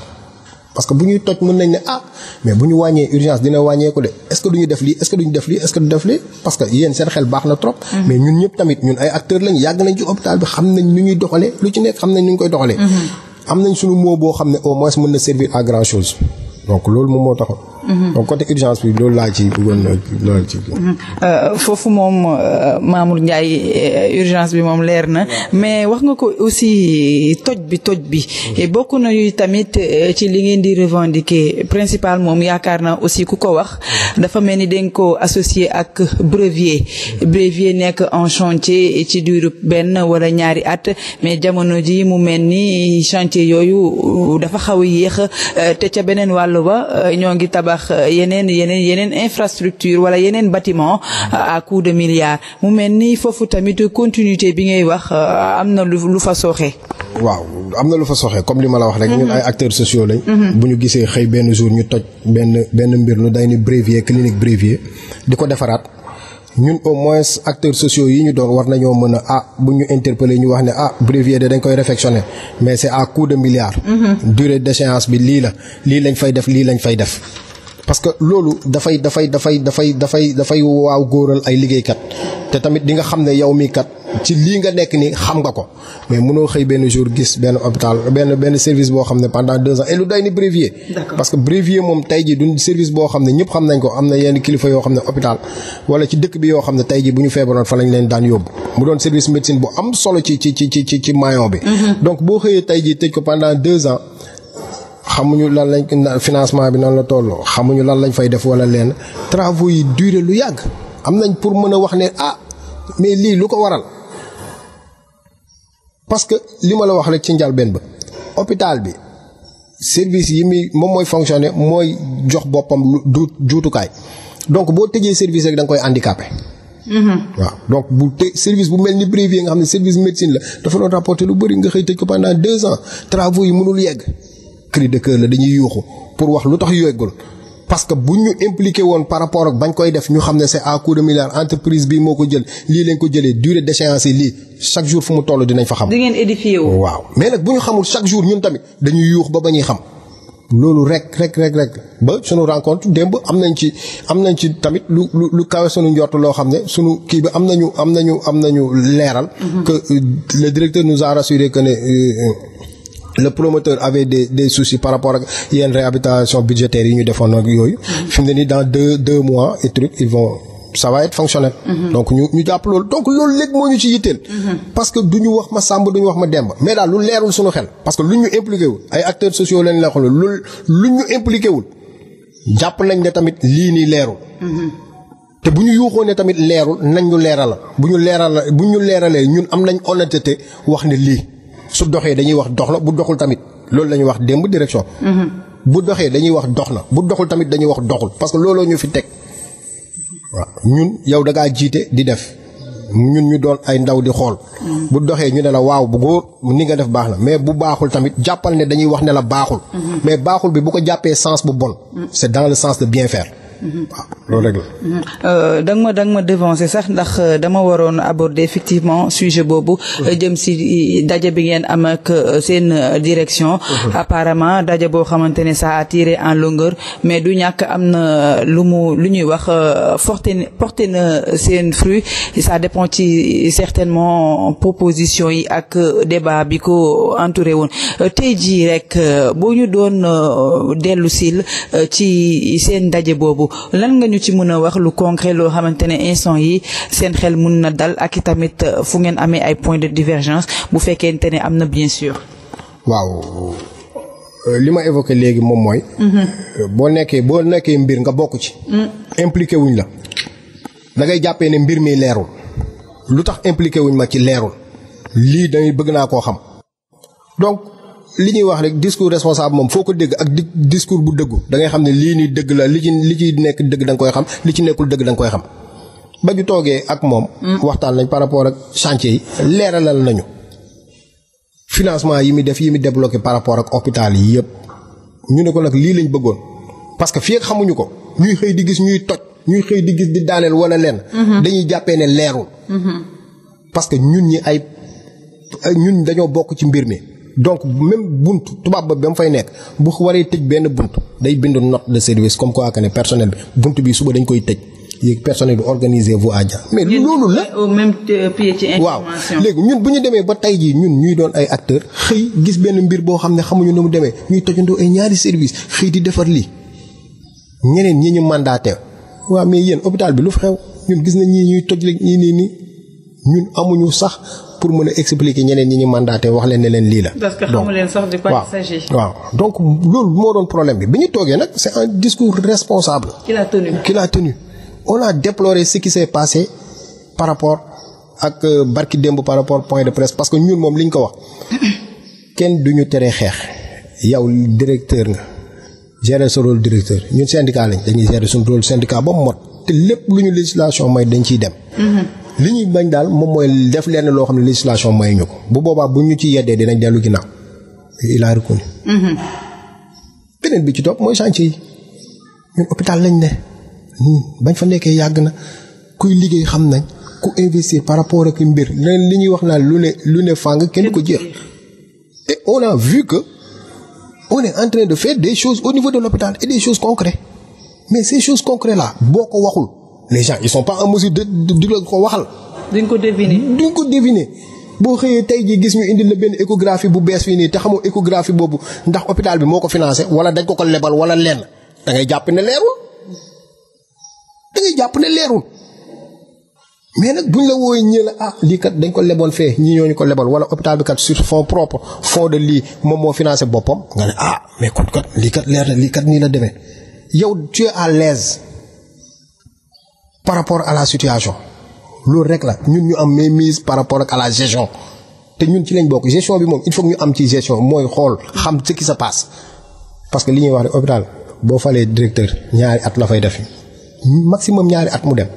Speaker 2: parce que bu ñuy toj mën nañ ne ah mais bu ñu wàññee urgence dina wàññeeku de est ce que du ñu def lii est ce que du def lii est ce que du def lii parce que yéen seen xel baax na trop. Mhm. mais ñun ñëpp tamit ñun ay acteurs lañ yàgg nañ ci hôpital bi xam nañ nu ñuy doxalee lu ci nekk xam nañ nu ñu koy doxalee. Mhm. am nañ suñu mot boo xam ne au moins mën na servir à grand chose donc loolu moom moo taxoon donc mhm. côté urgence bi loolu laa ci bëggoon loolu ci.
Speaker 1: Mhm. Euh, foofu moom euh, Mamour Ndiaye euh, urgence bi moom leer na mais wax nga ko aussi toj bi toj bi bokk na yu tamit eh, ci li ngeen di revendiquer principal moom yaakaar na aussi ku ko wax dafa mel ni dañ ko associé ak brevier brevier nekk en chantier ci diiru benn wala ñaari at mais jamono ji mu mel ni chantier yooyu euh, dafa xaw a yéex euh, te ca beneen wàll wa euh, ñoo ngi tabax yeneen yeneen yeneen infrastructure wala yeneen batiment a coût de milliards mu mel ni foofu tamit continuité bi ngay wax am na lu fa sooxe
Speaker 2: waaw am na lu fa soxee comme li ma la wax rek. ñun ay acteurs sociaux lañ. bu ñu gisee xëy benn jour ñu toj benn benn mbir lu day ni brévier clinique brévier di ko defaraat. ñun au moins acteurs sociaux yi ñu doon war nañoo mën a ah bu ñu interpeller ñu wax ne ah brévier de dañ koy réfectionner mais c'est à coup de milliards. Mhm. durée d'échéance bi lii la lii lañ fay def lii lañ fay def. parce que loolu dafay dafay dafay dafay dafay dafay waaw góoral ay liggéeykat te tamit di nga xam ne yow mii kat. ci lii nga nekk nii xam nga ko mais mënoo xëy benn jour gis benn hôpital benn benn service boo xam ne pendant deux ans et lu day ni brévier parce que brévier moom tey ji du service boo xam ne ñëpp xam nañ ko am na yenn kilifa bi yoo xam ne tey ji bu am solo financement bi nan la toll xamuñu lan lañ fay def wala leen travaux yi duré lu yàgg am nañ pour mën a wax ne ah mais lii lu ko waral parce que li ma la wax rek ci njalbeen ba hôpital bi service yi muy moom mooy fonctionner mooy jox boppam du juutukaay donc boo tëjee service rek da nga koy handicapé. Mm-hmm. waaw donc bu te service bu mel ni privé nga xam ne service médecine la dafa doon rapporter lu bëri nga xëy tëj ko pendant deux ans yi mënul yegg cri de cœur la dañuy yuuxu pour wax lu tax yeggul parce que bu ñu impliqué woon par rapport ak bañ koy def ñu xam ne c'est à coup de milliard entreprise bi moo ko jël lii lañ ko jëlee durée d'échéance yi lii chaque jour fu mu toll dinañ fa xam. di ngeen édifié wu. waaw mais nag bu ñu xamul chaque jour ñun tamit dañuy yuux ba ba xam. loolu rek rek rek rek ba suñu rencontre démb am nañ ci am nañ ci tamit lu lu lu kawe sunu njort loo xam ne suñu kii bi am nañu am nañu am nañu leeral. Mhm. que euh, le directeur nous a rassuré que ne. Euh, le promoteur avait des des soucis par rapport ak yenn réhabilitation budgétaire yi ñu defoon yooyu. fi mu ne nii dans deux deux mois et truc ils fonctionnel. Mhm. donc ñu ñu jàpp loolu donc loolu léegi moo ñu ci yitteel. Mhm. parce que du ñu wax ma sàmb du ñu wax ma demb mais daal lu leerul suñu xel parce que lu ñu impliqué wul ay acteurs sociaux lañ la xool lu luñ ñu impliqué wul jàpp nañ ne tamit lii nii leerul. Mhm. te bu ñu yuuxoo ne tamit leerul nañ ñu leerala bu ñu leerala bu ñu leeralee ñun am nañ honnêteté wax ne lii. su doxee dañuy wax dox na bu doxul tamit loolu la ñuy wax démb direction. Mm-hmm. bu doxee dañuy wax dox na bu doxul tamit dañuy wax doxul parce que looloo ñu fi teg waaw ñun yow da jiite di def ñun ñu doon ay ndaw di xool. Mm-hmm. bu doxee ñu ne la waaw bu góor ni nga def baax na mais bu baaxul tamit jàppal ne dañuy wax ne la baaxul. Mm-hmm. mais baaxul bi bu ko jàppee sens bu bon. c'est dans le sens de bien faire. waaw loolu rek euh, da nga ma da ma devancer sax ndax euh, dama waroon
Speaker 1: aborder effectivement sujet boobu. Euh, jëm si daje bi ngeen am ak seen direction. apparemment daje boo xamante ne saa a tiré en longueur mais du ñàkk am na lu mu lu ñuy wax porté porté na seen fruit ça dépend ci certainement proposition yi ak débat bi ko entouré woon te jii rek boo ñu doon dellu sil ci seen daje boobu. lan nga ñu ci mën a wax lu concret loo xamante ne instant yi seen xel mun na dal ak i tamit euh, fu ngeen amee ay point de divergence bu fekkente ne am na bien sûr.
Speaker 2: waaw euh, li ma évoqué léegi moom mooy. Mhm. Euh, boo nekkee boo nekkee mbir nga bokk ci. Mm. impliqué wuñ la. dangay jàppee ne mbir mi leerul. lu tax impliqué wuñ ma ci leerul. lii dañuy bëgg naa koo xam. li ñuy wax rek discours responsable moom foo ko dégg ak di discours bu déggu da ngay xam ne lii nii dégg la li ci li ci nekk dëgg da nga koy xam li ci nekkul dégg da nga koy xam. ba ñu toogee ak moom. Hmm. waxtaan nañ par rapport ak chantier yi leeralal nañu financement yi muy def yi muy débloqué par rapport ak hôpital yi yëpp ñu ne ko nag lii lañ bëggoon parce que fii ak xamuñu ko ñuy xëy di gis ñuy toj ñuy xëy di gis di daaneel wala lenn. Hmm. dañuy jàppee ne leerul. Hmm. parce que ñun ñi ay ñun dañoo bokk ci mbir mi. donc même bunt tubaab ba ba mu fay nekk bu waree tëj benn bunt day bind note de service comme quoi que ne personnel bi bunt bi suba dañ koy tëj yéeg personnel bi organiser vous à mais loolu la euh, waaw léegi ñun bu ñu demee ba tey jii ñun ñuy doon ay acteur xëy gis benn mbir boo xam ne xamuñu nu mu demee ñuy tojandoo ay ñaari service xëy di defar lii ñeneen ñi ñu mandaté waa mais yéen hôpital bi lu xew ñun gis nañ ñii ñuy toj rek ñii nii nii ñun amuñu sax pour mën a expliquer ñeneen ñi ñu mandaté wax leen ne leen lii la.
Speaker 3: parce que xamu waaw
Speaker 2: donc loolu moo doon problème bi bi ñu toogee nag c'est un discours responsable. ki l'a tenu qui l'a tenu. on a déploré ce qui s'est passé par rapport ak euh, barki démb par rapport point de presse parce que ñun moom li ñu ko wax (coughs) kenn du ñu teree xeex. yow directeur nga gérer sa rôle directeur ñun syndicat lañ dañuy gérer suñu rôle syndicat ba mu mot te lépp lu ñu législation may dañ ciy dem. Mm-hmm. li ñuy bañ daal moom mooy def lenn loo xam ne législation may ñu ko bu boobaa bu ñu ci yeddee dinañ dellu ginnaaw il a reconnu. Mm-hmm. bi ci topp mooy chantier yi ñun hôpital lañ ne hmm, bañ fa nekkee yàgg na kuy liggéey xam nañ ku investir par rapport ak mbir leneen li ñuy wax naan lu ne lu ne fàng kenn ko jeex. et on a vu que on est en train de faire des choses au niveau de l'hôpital et des choses concrètes mais ces choses concrètes là boo ko waxul. les gens ils sont pas en mesure de du la ko waxal. duñ ko deviner duñ ko boo xëyee tey jii gis ñu indi la benn échographie bu bees fii nii te xamoo échographie boobu ndax hôpital bi moo ko financé wala dañ ko ko lebal wala lenn da ngay jàpp ne leerul da jàpp ne leerul. mais nag buñ la wooyee ñëw la ah lii kat dañ ko leboon fee ñii ñoo ñu ko lebal wala hôpital bi kat sur fonds propre fonds de lii moom moo financé boppam nga ne ah mais kon kat lii leer na lii nii la demee yow tu à l'aise par rapport à la situation loolu rek la ñun ñu am mainmise par rapport ak à la gestion te ñun ci lañ bokk gestion bi moom il faut ñu am ci gestion mooy xool xam ce qui se passe parce que li ñuy wax ne hôpital boo falee directeur ñaari at la fay def maximum ñaari at mu dem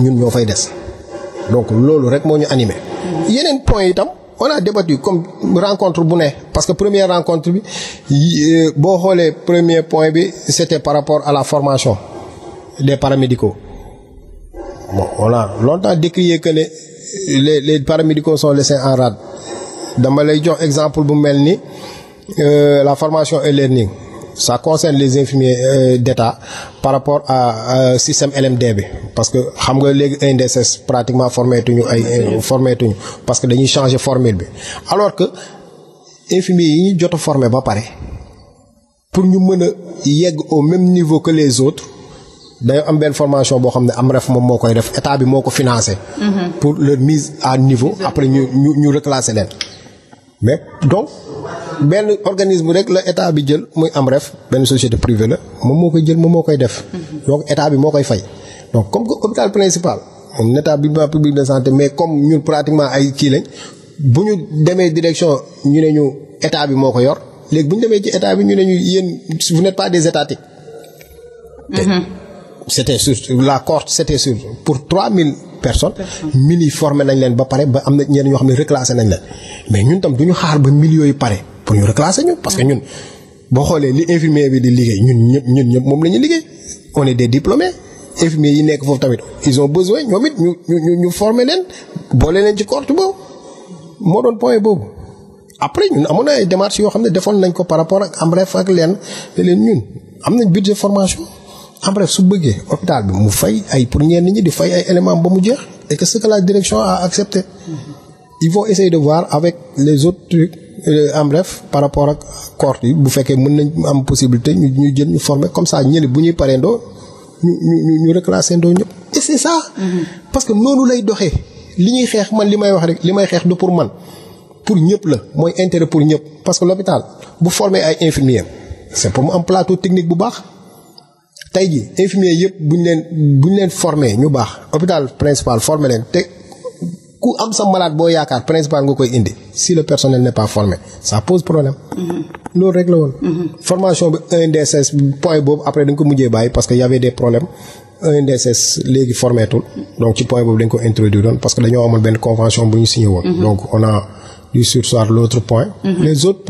Speaker 2: ñun ñoo fay des donc loolu rek moo ñu animé. yeneen point itam on a débattu comme rencontre bu ne parce que première rencontre bi euh, boo xoolee premier point bi c'était par rapport à la formation. les paramédicaux. bon on a longtemps décrié que ne les les paramédicaux sont laissés en rade dama lay jox exemple bu mel ni euh, la formation et learning ça concerne les infirmiers euh, d'État par rapport à, à système LMD bi parce que xam nga léegi INDSS e pratiquement formeetuñu ay euh, formeetuñu parce que dañuy changé formule bi alors que infirmiers yi ñu jot a ba pare pour ñu mën yegg au même niveau que les autres day am benn formation boo xam ne am ref moom moo koy def état bi moo ko financé. Mhm. pour leur mise à niveau après ñu ñu ñu leen. mais donc benn organisme rek la état bi jël muy am ref benn société privée la moom moo koy jël moom moo koy def. Mhm. donc état bi moo koy fay donc comme que hôpital principal moom établissement public de santé mais comme ñun pratiquement ay kii lañ bu ñu demee direction ñu ne ñu état bi moo ko yor léegi bu ñu demee ci état bi ñu ne ñu yéen vous n'êtes pas c'était sur la cohorte c'était sur pour trois mille personnes mille yi formé nañ leen ba pare ba am na ñenn ñoo xam ne reclassé nañ leen mais ñun tam du ñu xaar ba mille yooyu pare pour ñu reclasser ñu parce que ñun boo xoolee li infirmier bi di liggéey ñun ñëpp ñun ñëpp moom la ñuy liggéey on est des diplômés infirmiers yi nekk foofu tamit ils ont ñoom it ñu ñu ñu former leen boole leen ci cohorte boobu moo doon point boobu. après ñun amoon na ay démarches yoo xam ne defoon nañ ko par rapport ak am ref ak leen te leen ñun am nañ budget formation. en bref su bëggee hôpital bi mu fay ay pour ñenn ñi di fay ay éléments ba mu jeex et que la direction a accepté. il faut essayer de voir avec les autres trucs euh, en bref par rapport ak corps yi bu fekkee mën nañ am possibilité ñu ñu jël ñu former comme ça ñëli bu ñuy paree ndoo ñu ñu ñu reclasser ndoo ñëpp et c'est parce que noonu lay doxee li ñuy xeex man li may wax rek li may xeex du pour man pour ñëpp la mooy intérêt pour ñëpp parce que lopitaal bu former ay infirmiers c'est pour mu am plateau technique bu baax. tey ji infirmier yëpp bu ñu leen bu ñu leen formé ñu baax hôpital principal formé leen te ku am sa malade boo yaakaar principal nga koy indi si le personnel n'est pas formé ça pose problème. Mm-hmm. loolu rek la woon. Mm-hmm. formation bi ENDSS point boobu après dañ ko mujjee bàyyi parce que y avait des problèmes. ENDSS léegi formeetul donc ci point boobu dañ ko introduire woon parce que dañoo amoon benn convention bu ñu signé woon. Mm-hmm. donc on a dû surseoir l' point. les autres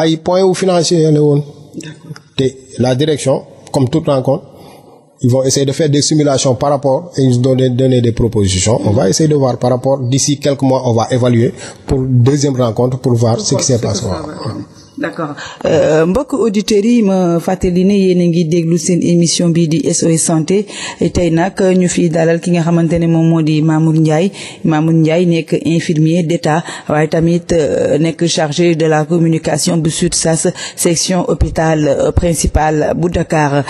Speaker 2: ay points wu financier la la direction. comme toute rencontre, ils vont essayer de faire des simulations par rapport et ils vont donner, donner des propositions. On va essayer de voir par rapport, d'ici quelques mois, on va évaluer pour deuxième rencontre pour voir pour ce qui s'est passé. d'accord euh, mbokk auditeurs yi ma fàttali ne yéen a
Speaker 1: ngi déglu seen émission bi di SOS santé tey nag ñu fi dalal ki nga xamante ne moom moo di Mamour Ndiaye Mamour Ndiaye nekk infirmier d'état waaye tamit euh, nekk chargé de la communication bu sa section hopital euh, principal bu Dakar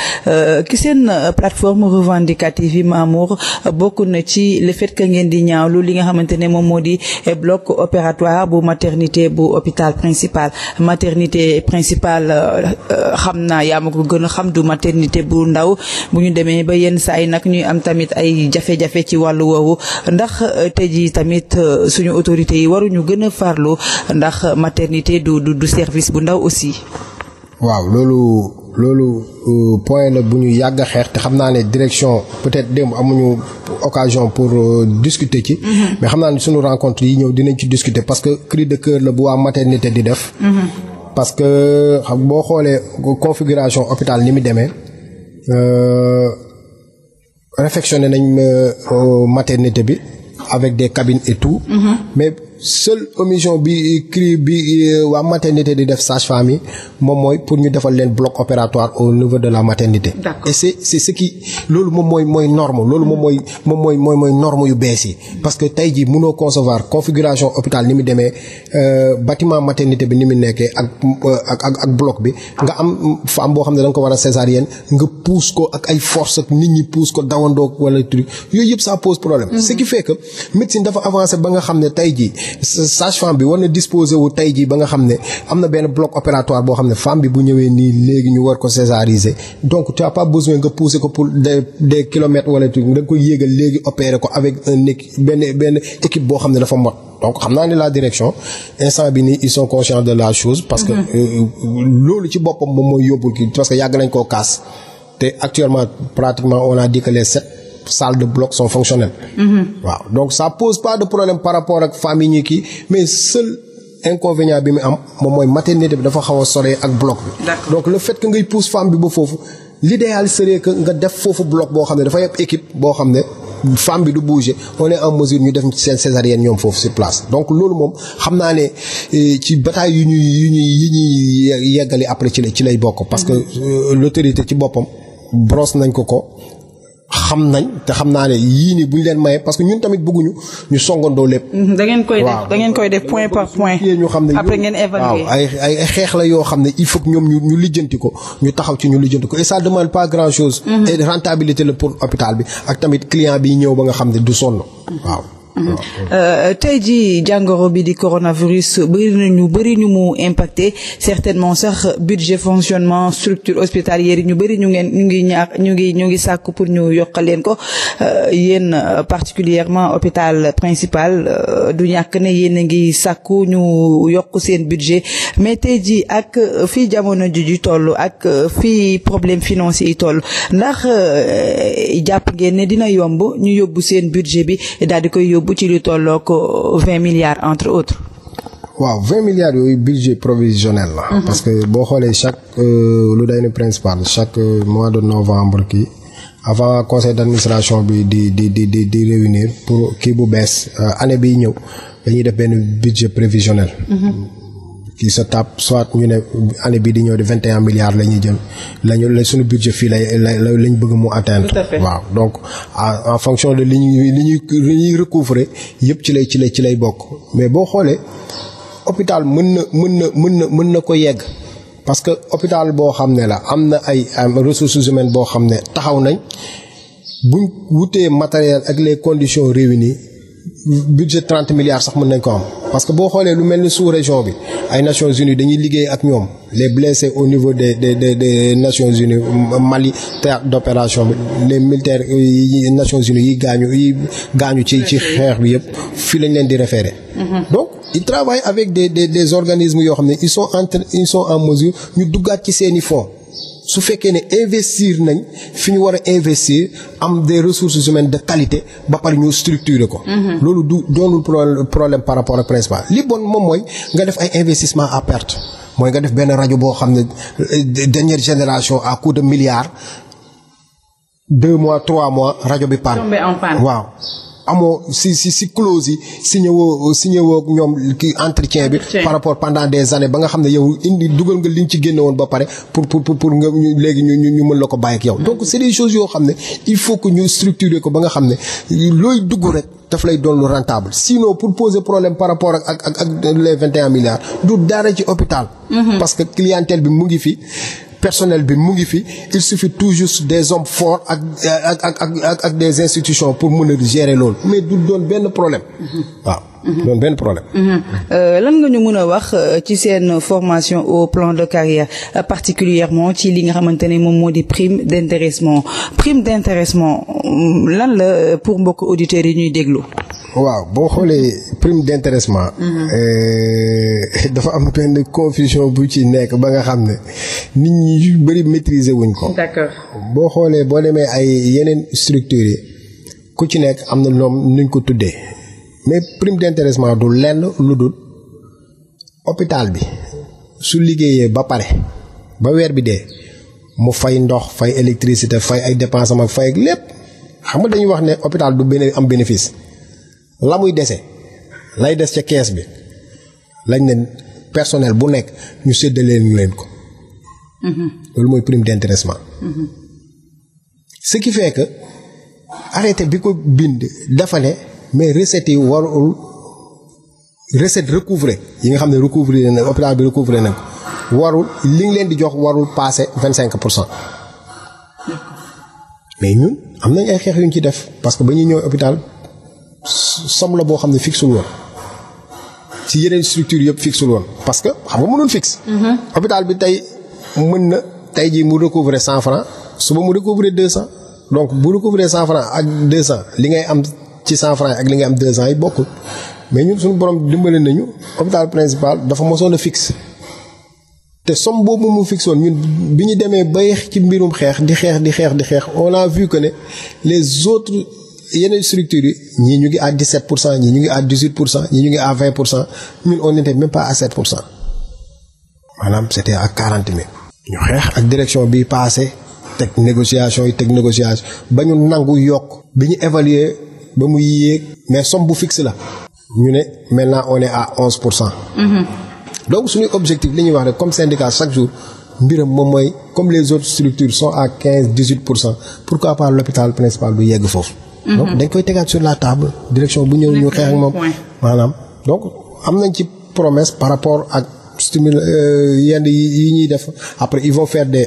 Speaker 1: ki seen plateforme revendicative yi Mamour bokk na ci le fait ngeen di ñaawlu li nga xamante ne moom moo di bloc opératoire bu maternité bu hôpital principal maternité principale euh, xam naa yaa ma ko gën a xam du maternité bu ndaw bu ñu demee ba yenn saa ay nag ñuy am tamit ay jafe-jafe ci wàllu woowu ndax euh, tey jii tamit euh, suñu autorités yi waruñu gën a farlu ndax maternité du du du service bu ndaw aussi.
Speaker 2: waaw loolu loolu euh, point la bu ñu yàgg xeex te xam naa ne direction peut-être démb amuñu occasion pour euh, discuter ci. Mm mais xam naa ne suñu rencontre yi ñëw dinañ ci discuter parce que cri de cœur la bu waa maternité di def. Mm-hmm. parce que xam boo xoolee configuration hôpital ni muy demee euh, réfectionné nañ euh, maternité bi avec des cabines et tout. Mm-hmm. mais seule omission bi cri bi euh, waa maternité di def sage-femme moom mooy pour ñu defal leen bloc opératoire au niveau de la maternité. d'accord et c'est c'est ce qui loolu moom mooy mooy norme loolu moom mooy moom mooy mooy mooy norme yu bees yi. parce que tey jii mënoo concevoir configuration opital ni mu demee euh, bâtiment maternité bi ni mu nekkee ak ak euh, ak ak bloc bi nga am femme boo xam ne da ko war a césarienne nga pousse ko ak ay force ak nit ñi pousse ko dawandoo wala truc yooyu yëpp ça pose problème. Mm-hmm. ce qui avancé ba nga xam ne tey jii. sage-femme bi war na disposer wu tey jii ba nga xam ne am na benn bloc opératoire boo xam ne femme bi bu ñëwee nii léegi ñu war ko césariser donc tu as pas besoin nga pousser ko pour des des kilomètres wala tu da nga koy yéegal léegi opérer ko avec un benn benn équipe boo xam ne dafa mot donc xam naa ne la direction instant bi nii ils sont conscients de la chose. parce que mhm. euh, loolu ci boppam moom mooy yóbbul kii parce que yàgg nañ koo kaas te actuellement pratiquement on a salles de bloc sont fonctionnelles. Mm-hmm. waaw donc ça pose pas de problème par rapport ak famille ñi kii mais seul inconvénient bi mu am moom mooy maternité bi dafa xaw a soree ak bloc bi. donc le fait que ngay pousse femme bi ba foofu l'idéal serait que nga def foofu bloc boo xam ne dafa yëpp équipe boo xam ne. femme bi du bouger on est en mesure ñu def seen césarienne ñoom foofu sur place donc loolu moom xam naa ne eh, ci bataille yu ñuy yu ñuy yi ñuy yeggali après ci lay ci lay bokk. parce que mm-hmm. euh, l'autorité ci boppam brosse nañ ko ko xam nañ te xam naa ne yii nii bu ñu leen mayee parce que ñun tamit bëgguñu ñu songandoo lépp. Mhm, da ngeen koy def da ngeen koy def point par point. ñu xam ne après ngeen évaluer waaw ay xeex la yoo xam ne il faut ñoom ñu ñu lijjanti ko ñu taxaw ci ñu lijjanti ko et ça demande pas grand chose. Mhm. et rentabilité la pour hôpital bi ak tamit client bi ñëw ba nga xam ne du sonn waaw.
Speaker 1: Mm-hmm. Euh, tey jii jàngoro bi di coronavirus bëri na ñu bëri ñu mu impacté certainement sax budget fonctionnement structure hospitalière yi ñu bëri ñu ngeen ñu ngi ñaax ñu ngi ñu ngi sàkk pour ñu yokkal leen ko euh, yéen euh, particulièrement hôpital principal du ñàkk ne yéen a ngi sakku ñu yokk seen budget mais tey jii ak fii jamono ji ji toll ak fii problème financier yi toll ndax jàpp ngeen ne dina yomb ñu yóbbu seen budget bi daal di koy yóbbu yóbbu ci lu tolloog euh, vingt milliards entre autres.
Speaker 2: waaw vingt milliards yooyu budget provisionnel la. Mhm. parce que boo xoolee chaque euh, lu day ne principal chaque euh, mois de novembre kii. avant conseil d'administration bi di di di di di réunir pour kii bu bees année biy ñëw dañuy def benn budget prévisionnel. Mhm. qui se tape soit ñu ne année bii di ñëw de vingt et un milliards la ñuy jël la ñu la suñu budget fii lay bëgg mu atteindre waaw donc en fonction de li ñuy li li ñuy recouvrer yëpp ci lay ci lay ci lay bokk mais boo xoolee hôpital mën na mën na mën na mën na ko yegg parce que hôpital boo xam ne la am na ay ressources humaines boo xam ne taxaw nañ buñ wutee matériel ak les conditions réunies budget trente milliards sax mën nañ ko am parce que boo xoolee lu mel ni sous région bi ay Nations Unies dañuy liggéey ak ñoom les blessés au niveau des des de des Nations Unies Mali théâtre d'opération bi les militaires yi Nations Unies yi gaañu yi gaañu ci ci xeex bi yëpp fii lañ leen di référé. Mhm. donc ils travaillent avec des des des organismes yoo xam ne ils sont en ils sont en mesure ñu duggaat ci seeni fonds. su fekkee ne investir nañ fi ñu war a investir am des ressources humaines de qualité ba pare ñu structurer ko. Mhm. loolu du doonul problème par rapport ak principal li bon moom mooy nga def ay investissement à perte mooy nga def benn rajo boo xam ne euh, dernière génération à coût de milliards deux mois trois mois rajo bi panne. waaw. amoo si si si clause yi signé woo signé ñoom ki entretien bi par rapport pendant des années ba nga xam ne yow indi dugal nga li ñu ci génne woon ba pare pour pour pour nga ñu léegi ñu ñu mën la ko bàyyi ak yow donc c'est des choses yoo xam ne il faut que ñu structurer ko ba nga xam ne looy dugg rek daf lay doon lu rentable sinon pour poser problème par rapport ak ak ak les vingt et un milliards du dara ci hôpital mm-hmm. parce que clientèle bi mu ngi fi personnel bi mu ngi fi il suffit toujours des hommes forts ak ak ak ak ak des institutions pour mun a gérer loolu mais du doon benn problème waaw. doon benn problème.
Speaker 1: Mm-hmm. Euh, lan nga ñu mun a wax euh, ci seen formation au plan de carrière euh, particulièrement ci li nga xamante ne moom moo di prime d'intéressement prime d'intéressement lan la pour mbokk auditeurs yi ñuy
Speaker 2: déglu. waaw boo xoolee prime d'intéressement. Mhm. Euh, (laughs) dafa am benn confusion bu ci nekk ba nga xam ne nit ñi yu bëri maîtriser wuñ ko. d'accord boo xoolee boo demee ay yeneen structures yi ku ci nekk am na ñoom nuñ ko tuddee mais prime d'intéressement du lenn lu dul hôpital bi su liggéeyee ba pare ba weer bi dee mu fay ndox fay électricité fay ay dépenses am ak fay ak lépp xam nga dañuy wax ne hôpital du benn am bénéfice. la muy dese lay des ca kees bi lañ ne personnel bu nekk ñu séddalee ñu leen ko. Mhm. loolu mooy prime d'intéressement. Mhm. ce qui fait que arrêté bi ko bind dafa ne mais recettes yi warul recette recouvrée yi nga xam ne recouvré na hôpital bi recouvré na ko warul li nga leen di jox warul passé vingt cinq pour cent. mais ñun am nañ ay xeex yu ñu ci def parce que ba ñuy ñëw hôpital. somme la boo xam ne fixul woon ci yeneen structure yëpp fixul woon parce que xam nga mënul fixe. Mhm. hôpital bi tey mën na tey jii mu recouvrer cent franc suba mu recouvrer deux cent donc bu recouvrer cent franc ak deux cent li ngay am ci cent franc ak li ngay am deux cent yi bokkul mais ñun suñu borom dimbale nañu hôpital principal dafa mosoon a te som boobu mu fixé woon ñun bi ñu demee bay ci mbirum xeex di xeex di xeex di xeex on a vu que ne les autres yeneen structures yi ñii ñu ngi à 17 pour cent ñii ñu ngi à 18 pour cent ñii ñu ngi à 20 pour cent ñun on n'était même pas à 7 pour cent maanaam c'était à 40 000. ñu xeex ak direction bi passé teg négociation yi teg négociation ba ñu nangu yokk bi ñu évaluer ba mu yéeg mais somme bu fixe la ñu ne maintenant on est à 11 pour cent. Mm-hmm. donc suñuy objectif li ñuy wax rek comme syndicat chaque jour. mbiram moom mooy comme les autres structures sont à quinze dix huit pour cent pourquoi pas l'hôpital principal du yegg foofu Mm-hmm. donc dañ koy tegaat sur la table direction bu ñëw ñu xeex ak moom maanaam donc am nañ ci promesse par rapport ak stimule euh, yenn yi ñuy def après ils vont faire des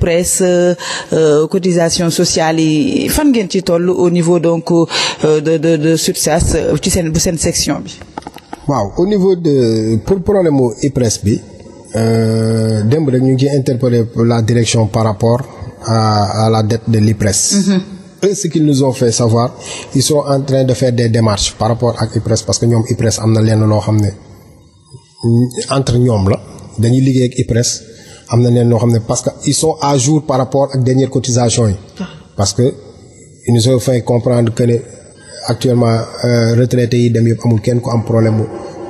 Speaker 1: presse euh, cotisation sociale yi fan ngeen ci toll au niveau donc euh, de de de SUTSAS euh, ci seen bu seen section bi.
Speaker 2: waaw au niveau de pour problème mu IPRES bi démb rek ñu ngi ciy interpellé la direction par rapport à la dette de l'IPRES. Mhm. eux ce qu'ils nous ont fait savoir ils sont en train de faire des démarches par rapport ak IPRES parce que ñoom IPRES am na lenn loo xam ne entre ñoom la dañuy liggéey ak IPRES. am na leen loo xam ne parce que ils sont à jour par rapport ak dernière cotisation yi. Ah. parce que il nous a fait comprendre que ne actuellement euh, retraités yi dem yëpp amul kenn ko am problème mu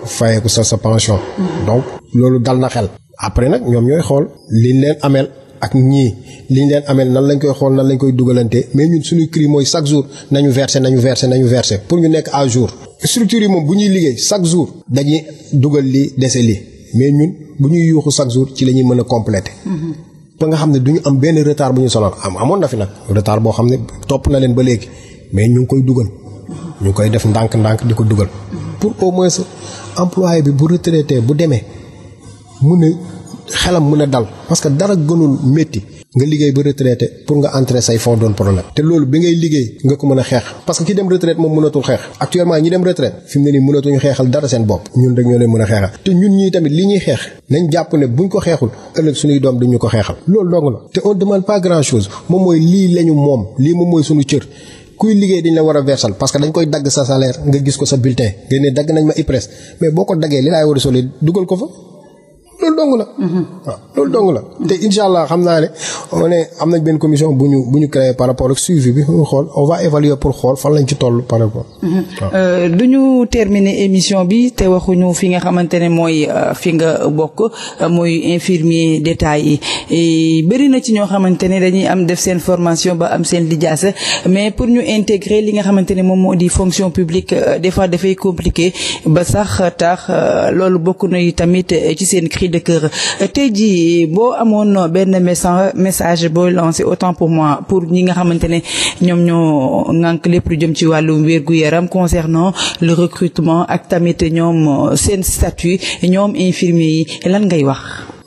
Speaker 2: fayeeku sa sa pension. Mm-hmm. donc loolu dal na xel. après nag ñoom ñooy xool liñ leen ameel ak ñii liñ leen ameel nan lañ koy xool nan lañ koy dugalante mais ñun suñuy cri mooy chaque jour nañu verser nañu verser nañu verser pour ñu nekk à jour. structure yi moom bu ñuy liggéey chaque jour dañuy dugal li dese lii mais bu ñuy yuuxu chaque jour ci la ñuy mën a compléter. ba nga xam ne du ñu am benn retard bu ñu sonal am amoon na fi nag retard boo xam ne topp na leen ba léegi mais ñu ngi koy dugal. ñu ngi koy def ndànk-ndànk di ko dugal. pour au moins employé bi bu retraité bu demee mu a xelam mun a dal parce que dara gënul métti. nga liggéey ba retraité pour nga entrer say fonds doon problème te loolu bi ngay liggéey nga ko mën a xeex parce que dem retraite moom mënatul xeex actuellement ñi dem retraite fi mu ne nii mënatuñu xeexal dara seen bopp ñun rek ñoo leen mën a xeexal te ñun ñii tamit li ñuy xeex nañ jàpp ne buñ ko xeexul ëllëg suñuy doom duñu ko xeexal loolu dong la te on demande pas grand chose moom mooy lii lañu moom lii moom mooy suñu cër kuy liggéey dañ la war a versal parce que dañ koy dagg sa salaire nga gis ko sa bulletin nga ne dagg nañ ma IPRES mais boo ko daggee li laay war a loolu dong la. Mhm. loolu dong la. te incha allah xam naa ne on est am nañ benn commission bu ñu bu ñu créé par rapport ak suivi bi xool on va évaluer pour xool fan lañ ci toll par rapport.
Speaker 1: Mhm. Euh, du ñu terminer émission bi te waxuñu fi nga xamante ne mooy euh, fi nga bokk euh, mooy infirmier d'état yi bëri na ci ñoo xamante ne dañuy am def seen formation ba am seen lijaasa mais pour ñu intégrer li nga xamante ne moom moo di fonction publique des fois dafay compliqué ba sax tax loolu de cœur euh, tey jii boo amoon euh, benn message message booy lancé autant pour moi pour ñi nga xamante ne ñoom ñoo ŋànk lépp lu jëm ci wàllu wér yaram concernant le recrutement ak tamit ñoom euh, seen statut ñoom infirmier lan ngay wax.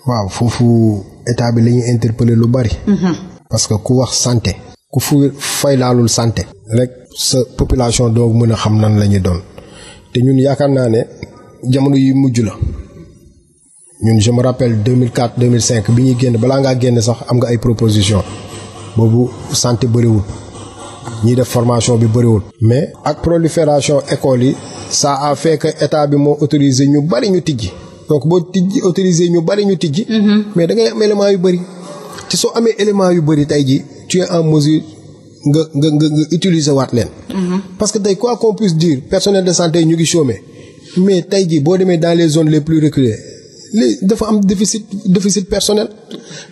Speaker 2: waaw foofu état bi la ñuy lu bari. Mhm. que ku wax santé. ku fu fay laalul santé. rek sa population doo mën a xam nan la ñu doon te ñun yaakaar naa ne jamono yi mujj la. ñun je me rappelle 2004 2005 bi ñuy génn balaa ngaa génn sax am nga ay proposition boobu santé bëriwul ñiy def formation bi bëriwul. mais ak prolifération école yi ça a fait que état bi moo autorisé ñu bari ñu tijji donc boo tijji autorisé ñu bari ñu tijji. Mm-hmm. mais da ngay am élément yu bëri. te soo amee élément yu bëri tey ji tu en mesure nga nga nga nga utiliser waat leen. Mm-hmm. parce que tey quoi qu'on puisse dire personnel de santé ñu ngi chômé mais tey jii boo demee dans les zones les plus léegi dafa am déficit déficit personnel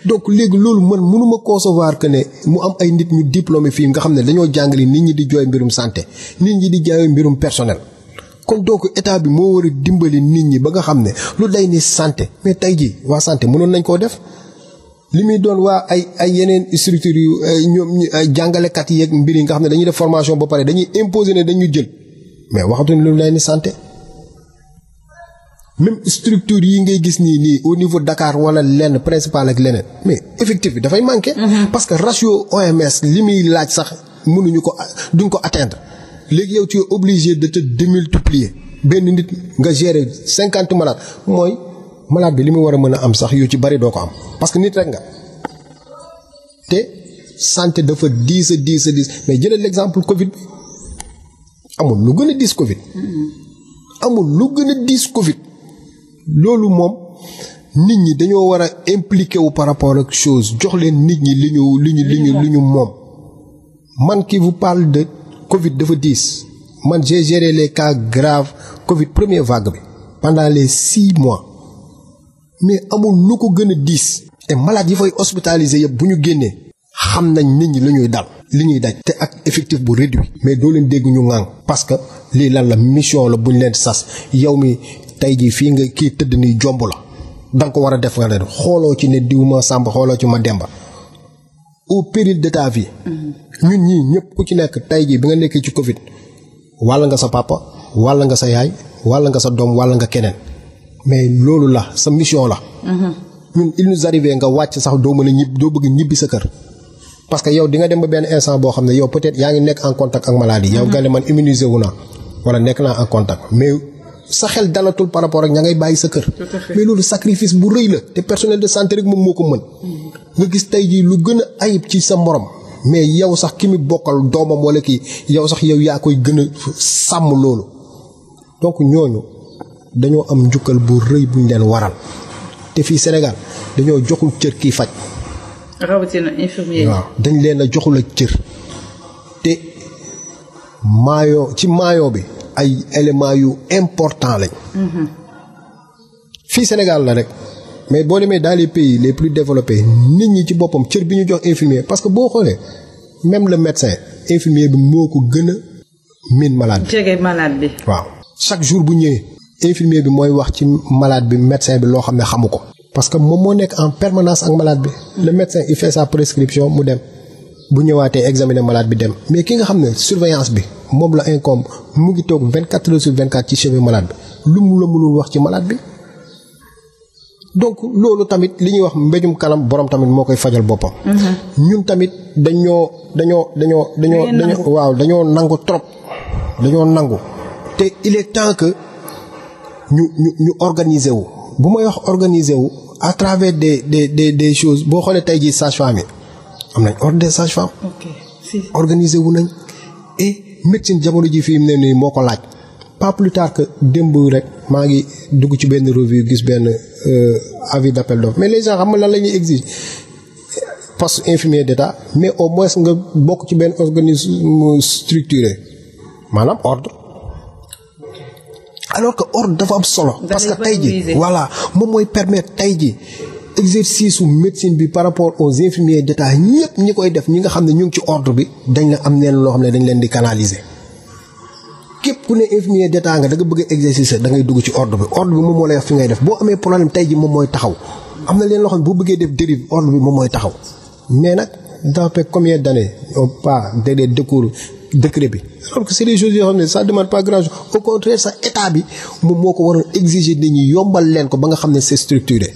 Speaker 2: donc léegi loolu man mënuma concevoir que ne mu am ay nit ñu diplômé fii nga xam ne dañoo jàngale nit ñi di jooy mbirum santé nit ñi di jooy mbirum personnel kon donc état bi moo war dimbali nit ñi ba nga xam ne lu day ni sante mais tey jii waa santé mënoon nañ koo def li muy doon waa ay ay yeneen structures yu ñoom jàngalekat yi mbir yi nga xam ne dañuy def formation ba pare dañuy imposer ne dañuy jël mais waxatuñ loolu day ni santé même structure yi ngay gis nii nii au niveau Dakar wala lenn principal ak leneen mais effectif bi dafay manqué. Mhm. parce que ratio OMS li muy laaj sax mënuñu ko duñ ko atteindre léegi yow tu es obligé de te démultiplier benn nit nga gérer cinquante malades mooy malade bi li mu war a mën a am sax yow ci bari doo ko am parce que nit rek nga te santé dafa diis a diis a diis mais jëlal exemple Covid bi amul lu gën a diis Covid. Mhm. amul lu gën a diis Covid. loolu moom nit ñi dañoo war a impliqué wu par rapport ak chose jox leen nit ñi li ñu li ñu li ñu li ñu moom man kii vous parle de Covid dafa diis man j'ai géré les cas graves Covid première vague bi pendant les six mois mais amul lu ko gën a diis te malade yi fay hospitalisé yëpp bu ñu génnee xam nañ nit ñi la ñuy dal li ñuy daj te ak effectif bu réduit mais doo leen dégg ñu ŋàng parce que lii lan la mission la buñ leen sas yow mi tey jii fii nga kii tëdd nii jomb la da nga ko war a def nga def xooloo ci ne diw ma sàmb xooloo ci ma demba au péril de ta vie. Mm-hmm. ñun ñii ñëpp ku ci nekk tey jii bi nga nekkee ci Covid wàll nga sa papa wàll nga sa yaay wàll nga sa doom wàll nga keneen mais loolu la sa mission la. Mm-hmm. ñun il nous nga wàcc sax doo mën a ñib doo bëgg ñibbi sa kër. parce que yow di nga dem ba benn instant boo xam ne yow peut-être yaa ngi nekk en contact ak maladie. yow mm-hmm. nga ne man sa xel dalatul par rapport ak ña ngay bàyyi sa kër. mais loolu sacrifice bu rëy la te personnel de santé rek moom moo ko mën. nga gis tey jii lu gën a ayib ci sa morom. mais yow sax ki mu bokkal doomam walla kii yow sax yow yaa koy gën a sàmm loolu donc ñooñu dañoo am njukkal bu rëy buñ leen waral te fii Sénégal dañoo joxul cër kiy faj. rawatina dañ leen a joxul a cër te maayo ci maayo bi ay éléments yu important lañ. Mhm. fii Sénégal la rek mais boo demee dans les pays les plus développés nit ñi ci boppam cër bi ñu jox infirmier parce que boo xoolee même le médecin infirmier bi moo ko gën a miin malade bi. jege malade bi. waaw chaque jour bu ñëwee. infirmier bi mooy wax ci malade bi médecin bi loo xam ne xamu ko. parce que moom moo nekk en permanence ak malade bi. Mhm. le médecin il fait sa prescription mu dem bu ñëwaatee examiner malade bi dem mais ki nga xam ne surveillance bi. moom la incombe mu ngi toog vingt quatre ci chevet malade bi lu mu la mënul wax ci malade bi donc loolu tamit li ñuy wax mbéjum kanam borom tamit moo koy fajal boppam. Mm-hmm. ñun tamit dañoo dañoo dañoo dañoo dañoo waaw dañoo nangu trop dañoo nangu te il est temps que ñu ñu ñu organiser wu bu may wax organiser wu à travers des des des des choses boo xoolee tey ji sage-femme am nañ ordre wu nañ et médecine jamono ji fii mu ne nii moo ko laaj pas plus tard que démb rek maa ngi dugg ci benn revue gis benn euh, avis d'appel d'offres mais les gens xam nga lan la ñuy exige poste infirmier d'état mais au moins nga bokk ci benn organise structurer maanaam ordre. alors que ordre dafa am solo. parce que tey ji voilà moom mooy permettre tey ji exercice su médecine bi par rapport aux infirmiers d'état ñëpp ñi koy def ñi nga xam ne ñu ngi ci ordre bi dañ la am neen loo xam ne dañ leen di canaliser képp ku ne infirmier d'état nga da nga a exercice da ngay dugg ci ordre bi ordre bi moom moo lay wax fi ngay def boo amee problème tey ji moom mooy taxaw am na leen loo xam ne bu bëggee def dérive ordre bi moom mooy taxaw mais nag d'après combien d'années au pas des décours décret bi alors que c'est des choses yoo xam ne ça pas grand chose au sax état bi moom moo ko waroon exiger nit ñi yombal leen ko ba nga xam ne c'est structuré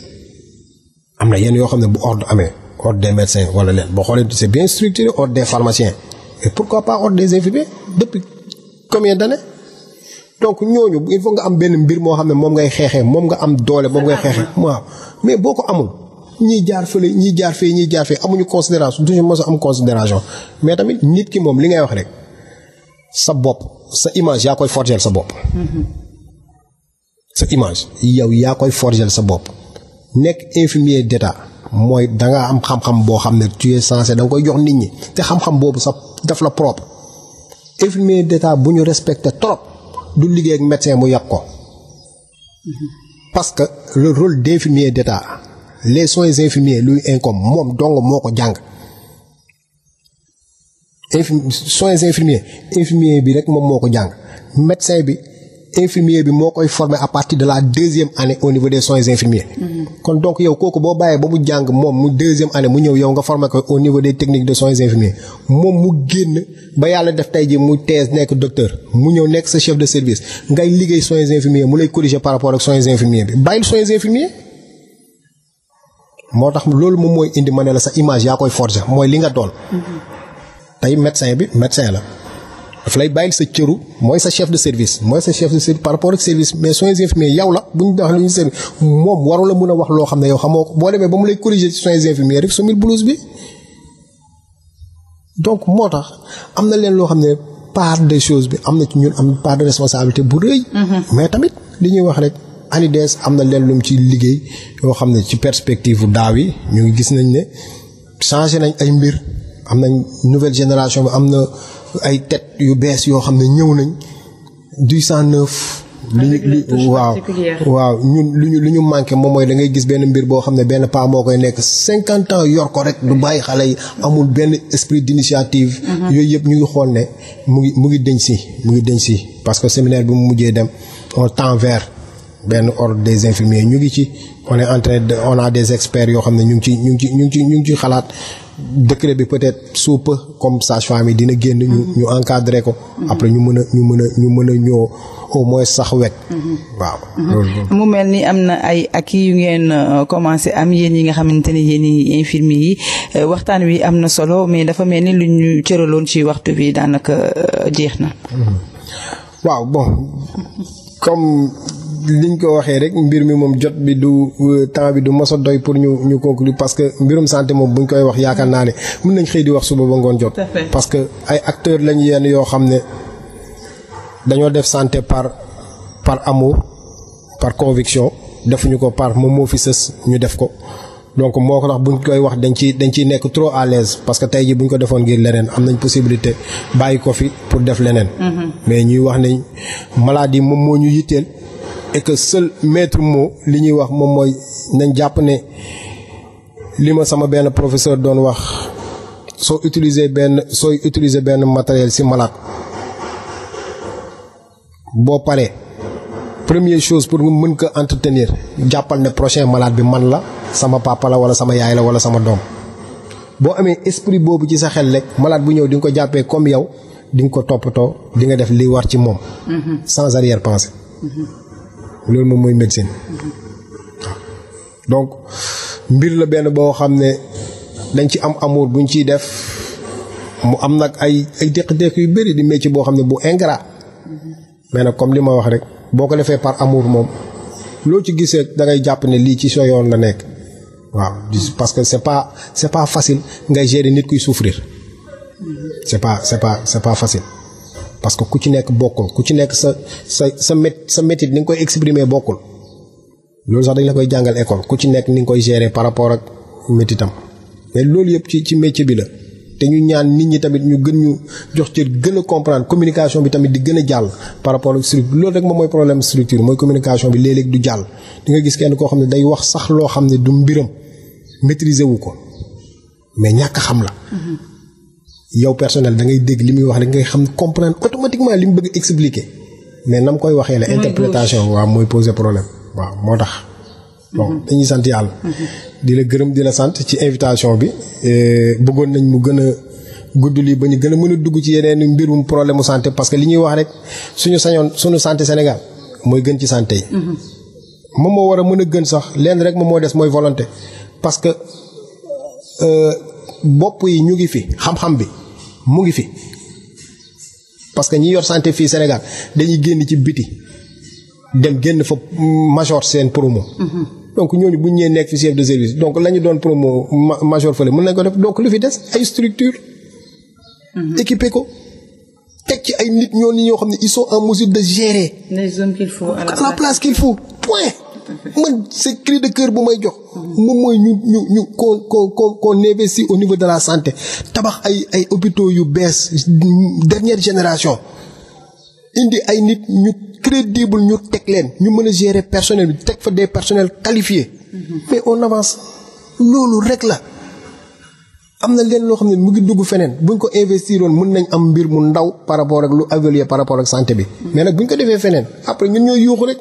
Speaker 2: am na yenn yoo xam ne bu ordre amee ordre des médecins wala leen boo xoolee c'est bien structuré ordre des pharmaciens et pourquoi pas ordre des infirmiers depuis combien d'années donc il faut nga am benn mbir moo xam ne moom ngay xeexee moom nga am doole moom ngay xeexee waaw mais boo ko amul ñii jaar fële ñii jaar fee ñii jaar amuñu considération duñu mos a am considération mais tamit nit ki moom li ngay wax rek sa bopp sa image yaa koy forger sa bopp mm-hmm. sa image yow yaa koy forger sa bopp nekk infirmier d'état mooy dangaa am xam-xam boo xam ne tu es censé da nga koy jox nit ñi te xam-xam boobu sax daf la propre infirmier d'état bu ñu respecté trop du liggéey ak médecin mu yàq ko parce que le rôle d'infirmier d'état les soins infirmiers lui incombe moom dong moo ko jàng infirmier soins infirmiers infirmier bi rek moom moo ko jàng médecin bi infirmier bi moo koy former à partir de la deuxième année au niveau des soins infirmiers. Mm-hmm. kon donc yow kooku boo bàyyee ba mu jàng moom mu deuxième année mu ñëw yow nga former ko au niveau des techniques de soins infirmiers moom mu génn ba yàlla def tey ji mu tees nekk docteur mu ñëw nekk sa chef de service ngay liggéey soins infirmiers mu lay corriger par rapport ak soins infirmiers bi bàyyil soins infirmiers. moo tax loolu moom mooy indi ma ne la sa image yaa koy forger mooy li nga doon. Mm-hmm. tey médecin bi la. daf lay bàyyil sa cëru mooy sa chef de service mooy sa chef de service par rapport ak service mais soins infirmiers yow la bu ñu dox lu ñu service moom waru mën a wax loo xam ne yow xamoo ko boo demee ba mu lay corriger ci soins infirmiers bi donc moo tax am na leen loo xam ne part des choses bi am na ci ñun am part de responsabilité bu rëy mm-hmm. mais tamit li ñuy wax rek ANIDES am na leen lu ci liggéey yoo xam ne ci perspective bu daaw yi ñu ngi gis nañ ne changé nañ ay mbir nañ nouvelle génération bi am na ay têtes yu bees yoo xam ne ñëw nañ 209. li waaw ñun lu ñu lu ñu manqué moom mooy da ngay gis benn mbir boo xam ne benn paa moo koy nekk cinquante ans yor ko rek du bàyyi xale yi amul benn esprit d'initiative mhm. yooyu yëpp ñu ngi xool ne mu ngi mu ngi deñ si mu ngi dëñ si parce que séminaire bi mu mujjee dem on temps vers benn ordre des infirmiers ñu ngi ci on est en train de a des experts yoo xam ne ñu ngi ci ñu ngi ci ñu ngi ci xalaat décret bi peut-être sous peu comme sage-femme yi dina génn ñu mhm. ñu encadré ko mhm. après ñu mën a ñu mën a ñu mën a ñoo au moins sax wet mhm.
Speaker 1: mu mel ni am na ay acquis yu ngeen euh, commencé am yéen yi nga xamante ne yéen yi infirmiers euh, yi waxtaan wi am na solo mais dafa mel ni lu ñu cëraloon ci waxtu bi daanaka euh, jeex na
Speaker 2: waaw bon liñ ko waxee rek mbir mi moom jot bi du euh, temps bi du mos doy pour ñu ñu conclure parce que mbirum santé moom buñ koy wax yaakaar naa ne mën nañ xëy di wax suba ba ngoon jot. parce que ay acteurs lañ yenn yoo xam ne dañoo def santé par par amour par conviction defuñu ko par moom moo fi sës ñu def ko. donc moo ko tax buñ koy wax dañ ci dañ ciy nekk trop à l'aise parce que tey jii buñ ko defoon ngir leneen am nañ possibilité bàyyi ko fi pour def leneen. Mm-hmm. mais ñuy wax ne maladie moom moo ñu yitteel. et que seul maître mot li ñuy wax moom mooy nañ jàpp ne li ma sama benn professeur doon wax soo utiliser benn sooy utiliser benn matériel si malade boo paree premier chose pour mu mën ko entretenir jàppal ne prochain malade bi man la sama papa la walla sama yaay la walla sama doom boo amee esprit boobu ci sa xel rek malade bu ñëw di nga ko jàppee comme yow di nga ko toppatoo di nga def li war ci moom. Mm-hmm. sans arrière pensée. Mm-hmm. loolu moom mooy médecine donc mbir la benn boo xam ne dañ ci am bu ñu ciy def mu am nag ay ay déq-déq yu bëri di métier boo xam ne bu ingrat mais nag comme li ma wax rek boo ko defee par amour moom loo ci gisee da ngay jàpp ne lii ci soo yoon la nekk waaw parce que c'est pas c'est pas facile ngay gérer nit kuy souffrir c'est pas c'est pas c'est pas facile. parce que ku ci nekk bokkul ku ci nekk sa sa sa mét sa métit ni nga koy exprimer bokkul loolu sax dañ la koy jàngal école ku ci nekk ni nga koy gérer par rapport ak métitam mais loolu yëpp ci ci métier bi la te ñu ñaan nit ñi tamit ñu gën ñu jox cër gën a comprendre communication bi tamit di gën a jàll par rapport ak structure loolu rek moom mooy problème structure mooy communication bi léeg du jàll di nga gis kenn koo xam ne day wax sax loo xam ne du mbiram maîtriser wu ko mais ñàkk xam la mm-hmm. yow personnel da ngay dégg li muy wax rek ngay xam comprendre automatiquement li mu bëgg expliquer mais nam koy waxee la interprétation waaw mooy poser problème waaw moo tax bon mhm. dañuy sant yàlla mhm. di la gërëm di la sant ci invitation bi euh, bëggoon nañ mu gën a gudd lii ba ñu gën a mën a dugg ci yeneen mbirum problème mu santé parce que li ñuy wax rek suñu sañoon suñu santé Sénégal mooy gën ci santé yi mhm. moom moo war a mën a gën sax leen rek moo moo des mooy volonté parce que euh, bopp yi ñu ngi fi xam-xam bi mu ngi fi parce que ñi yor santé fii Sénégal dañuy génn ci biti dem génn fa major seen promo. Mm-hmm. donc ñooñu bu ñu ñëwee nekk fi chef de service donc la doon promo major fële mën nañ ko def donc lu fi des ay structure mm-hmm. équipé ko teg ci ay nit ñoo ni ñoo xam ne ils en mesure de gérer. les la place qu'il faut man se cri de cœur bu may jox moom mooy ñu ñu ñu ko ko ko qu'on au niveau de la santé tabax ay ay hôpitaux yu bees dernière génération indi ay nit ñu crédible ñu teg leen ñu mën a gérer personnel teg fa des personnels qualifiés mais on avance loolu rek la am na leen loo xam ne mu ngi dugg feneen buñ ko investiroon mën nañ am mbir mu ndaw par rapport ak lu évaluer par rapport ak santé bi mais nag buñ ko defee feneen après ñun ñooy yuuxu rek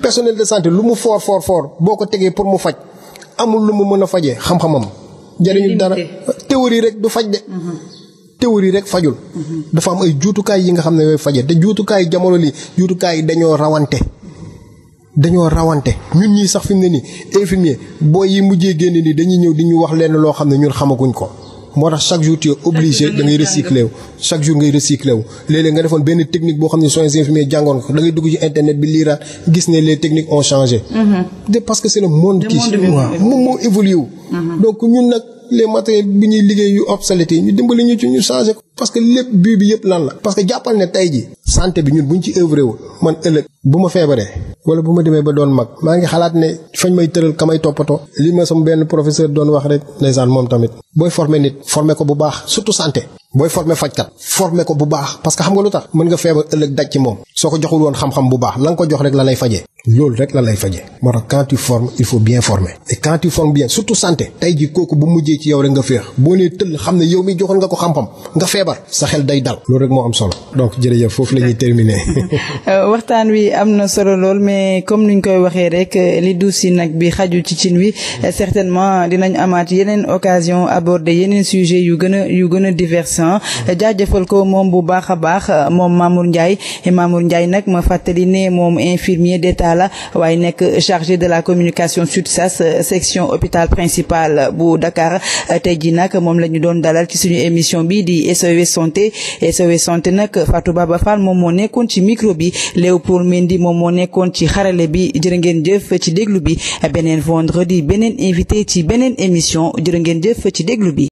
Speaker 2: personnel de santé lu mu foor foor foor boo ko tegee pour mu faj amul lu mu mën a fajee xam-xamam. jariñu dara théorie rek du faj de. Mhm. théorie rek fajul. Mhm. dafa am ay juutukaay yi nga xam ne yooyu fajee te juutukaay jamono li juutukaay yi dañoo rawante. dañoo rawante ñun ñii sax fi mu ne nii infirmier booy yi mujjee génn nii dañuy ñëw di ñu wax leen loo xam ne ñun xamaguñ ko. moo tax chaque jour tu es obligé da ngay recycler wu chaque jour ngay recycler wu léeg nga defoon benn technique boo xam ne soins infirmiers jàngoon ko da dugg ci internet bi liiraat gis ne les techniques ont changé mhm. de parce que c'est le monde qui moom moo évolué wu mhm. donc ñun nag les matériels bi ñuy liggéey yu obsolètes ñu dimbali ñu ci ñu changé ko parce que lépp bii bi yëpp lan la parce que jàppal ne tey ji santé bi ñun buñ ci œuvré wul man ëllëg bu ma feebaree ba doon mag maa ngi xalaat ne fañ may tëral ka li ma sama benn professeur doon wax rek ndeysaan moom tamit booy former nit former ko bu baax surtout santé booy former fajkat former ko bu baax parce que xam nga lu tax mën nga feebar ëllëg daj ci moom soo ko joxul woon xam-xam bu baax la ko jox rek la lay fajee loolu rek la lay fajee moo tax quand tu il faut bien former et quand bien surtout santé tey ji kooku bu mujjee ci yow rek nga féex boo nee tëll xam ne yow mi joxoon nga ko xam-xam nga feebar sa xel day dal loolu rek moo am solo donc jërëjëf foofu la ñuy terminer. (laughs)
Speaker 1: Euh, waxtaan wi na solo lool mais comme niñ koy waxee rek li duus aborder yeneen sujet yu gën a yu gën a diversant jaajëfal ko moom bu baax a baax moom Mamour Ndiaye Mamour Ndiaye nag ma fàttali ne moom infirmier d'état la waaye nekk chargé de la communication SUTSAS section hôpital principal bu Dakar te ji nag moom lañu doon dalal ci suñu émission bi di SOS santé SOS santé nag Fatou Baba Fall moom moo nekkoon ci micro bi Léopold Mendy moom moo nekkoon ci xarale bi jërë ngeen jëf ci déglu bi beneen vendredi beneen déglu bi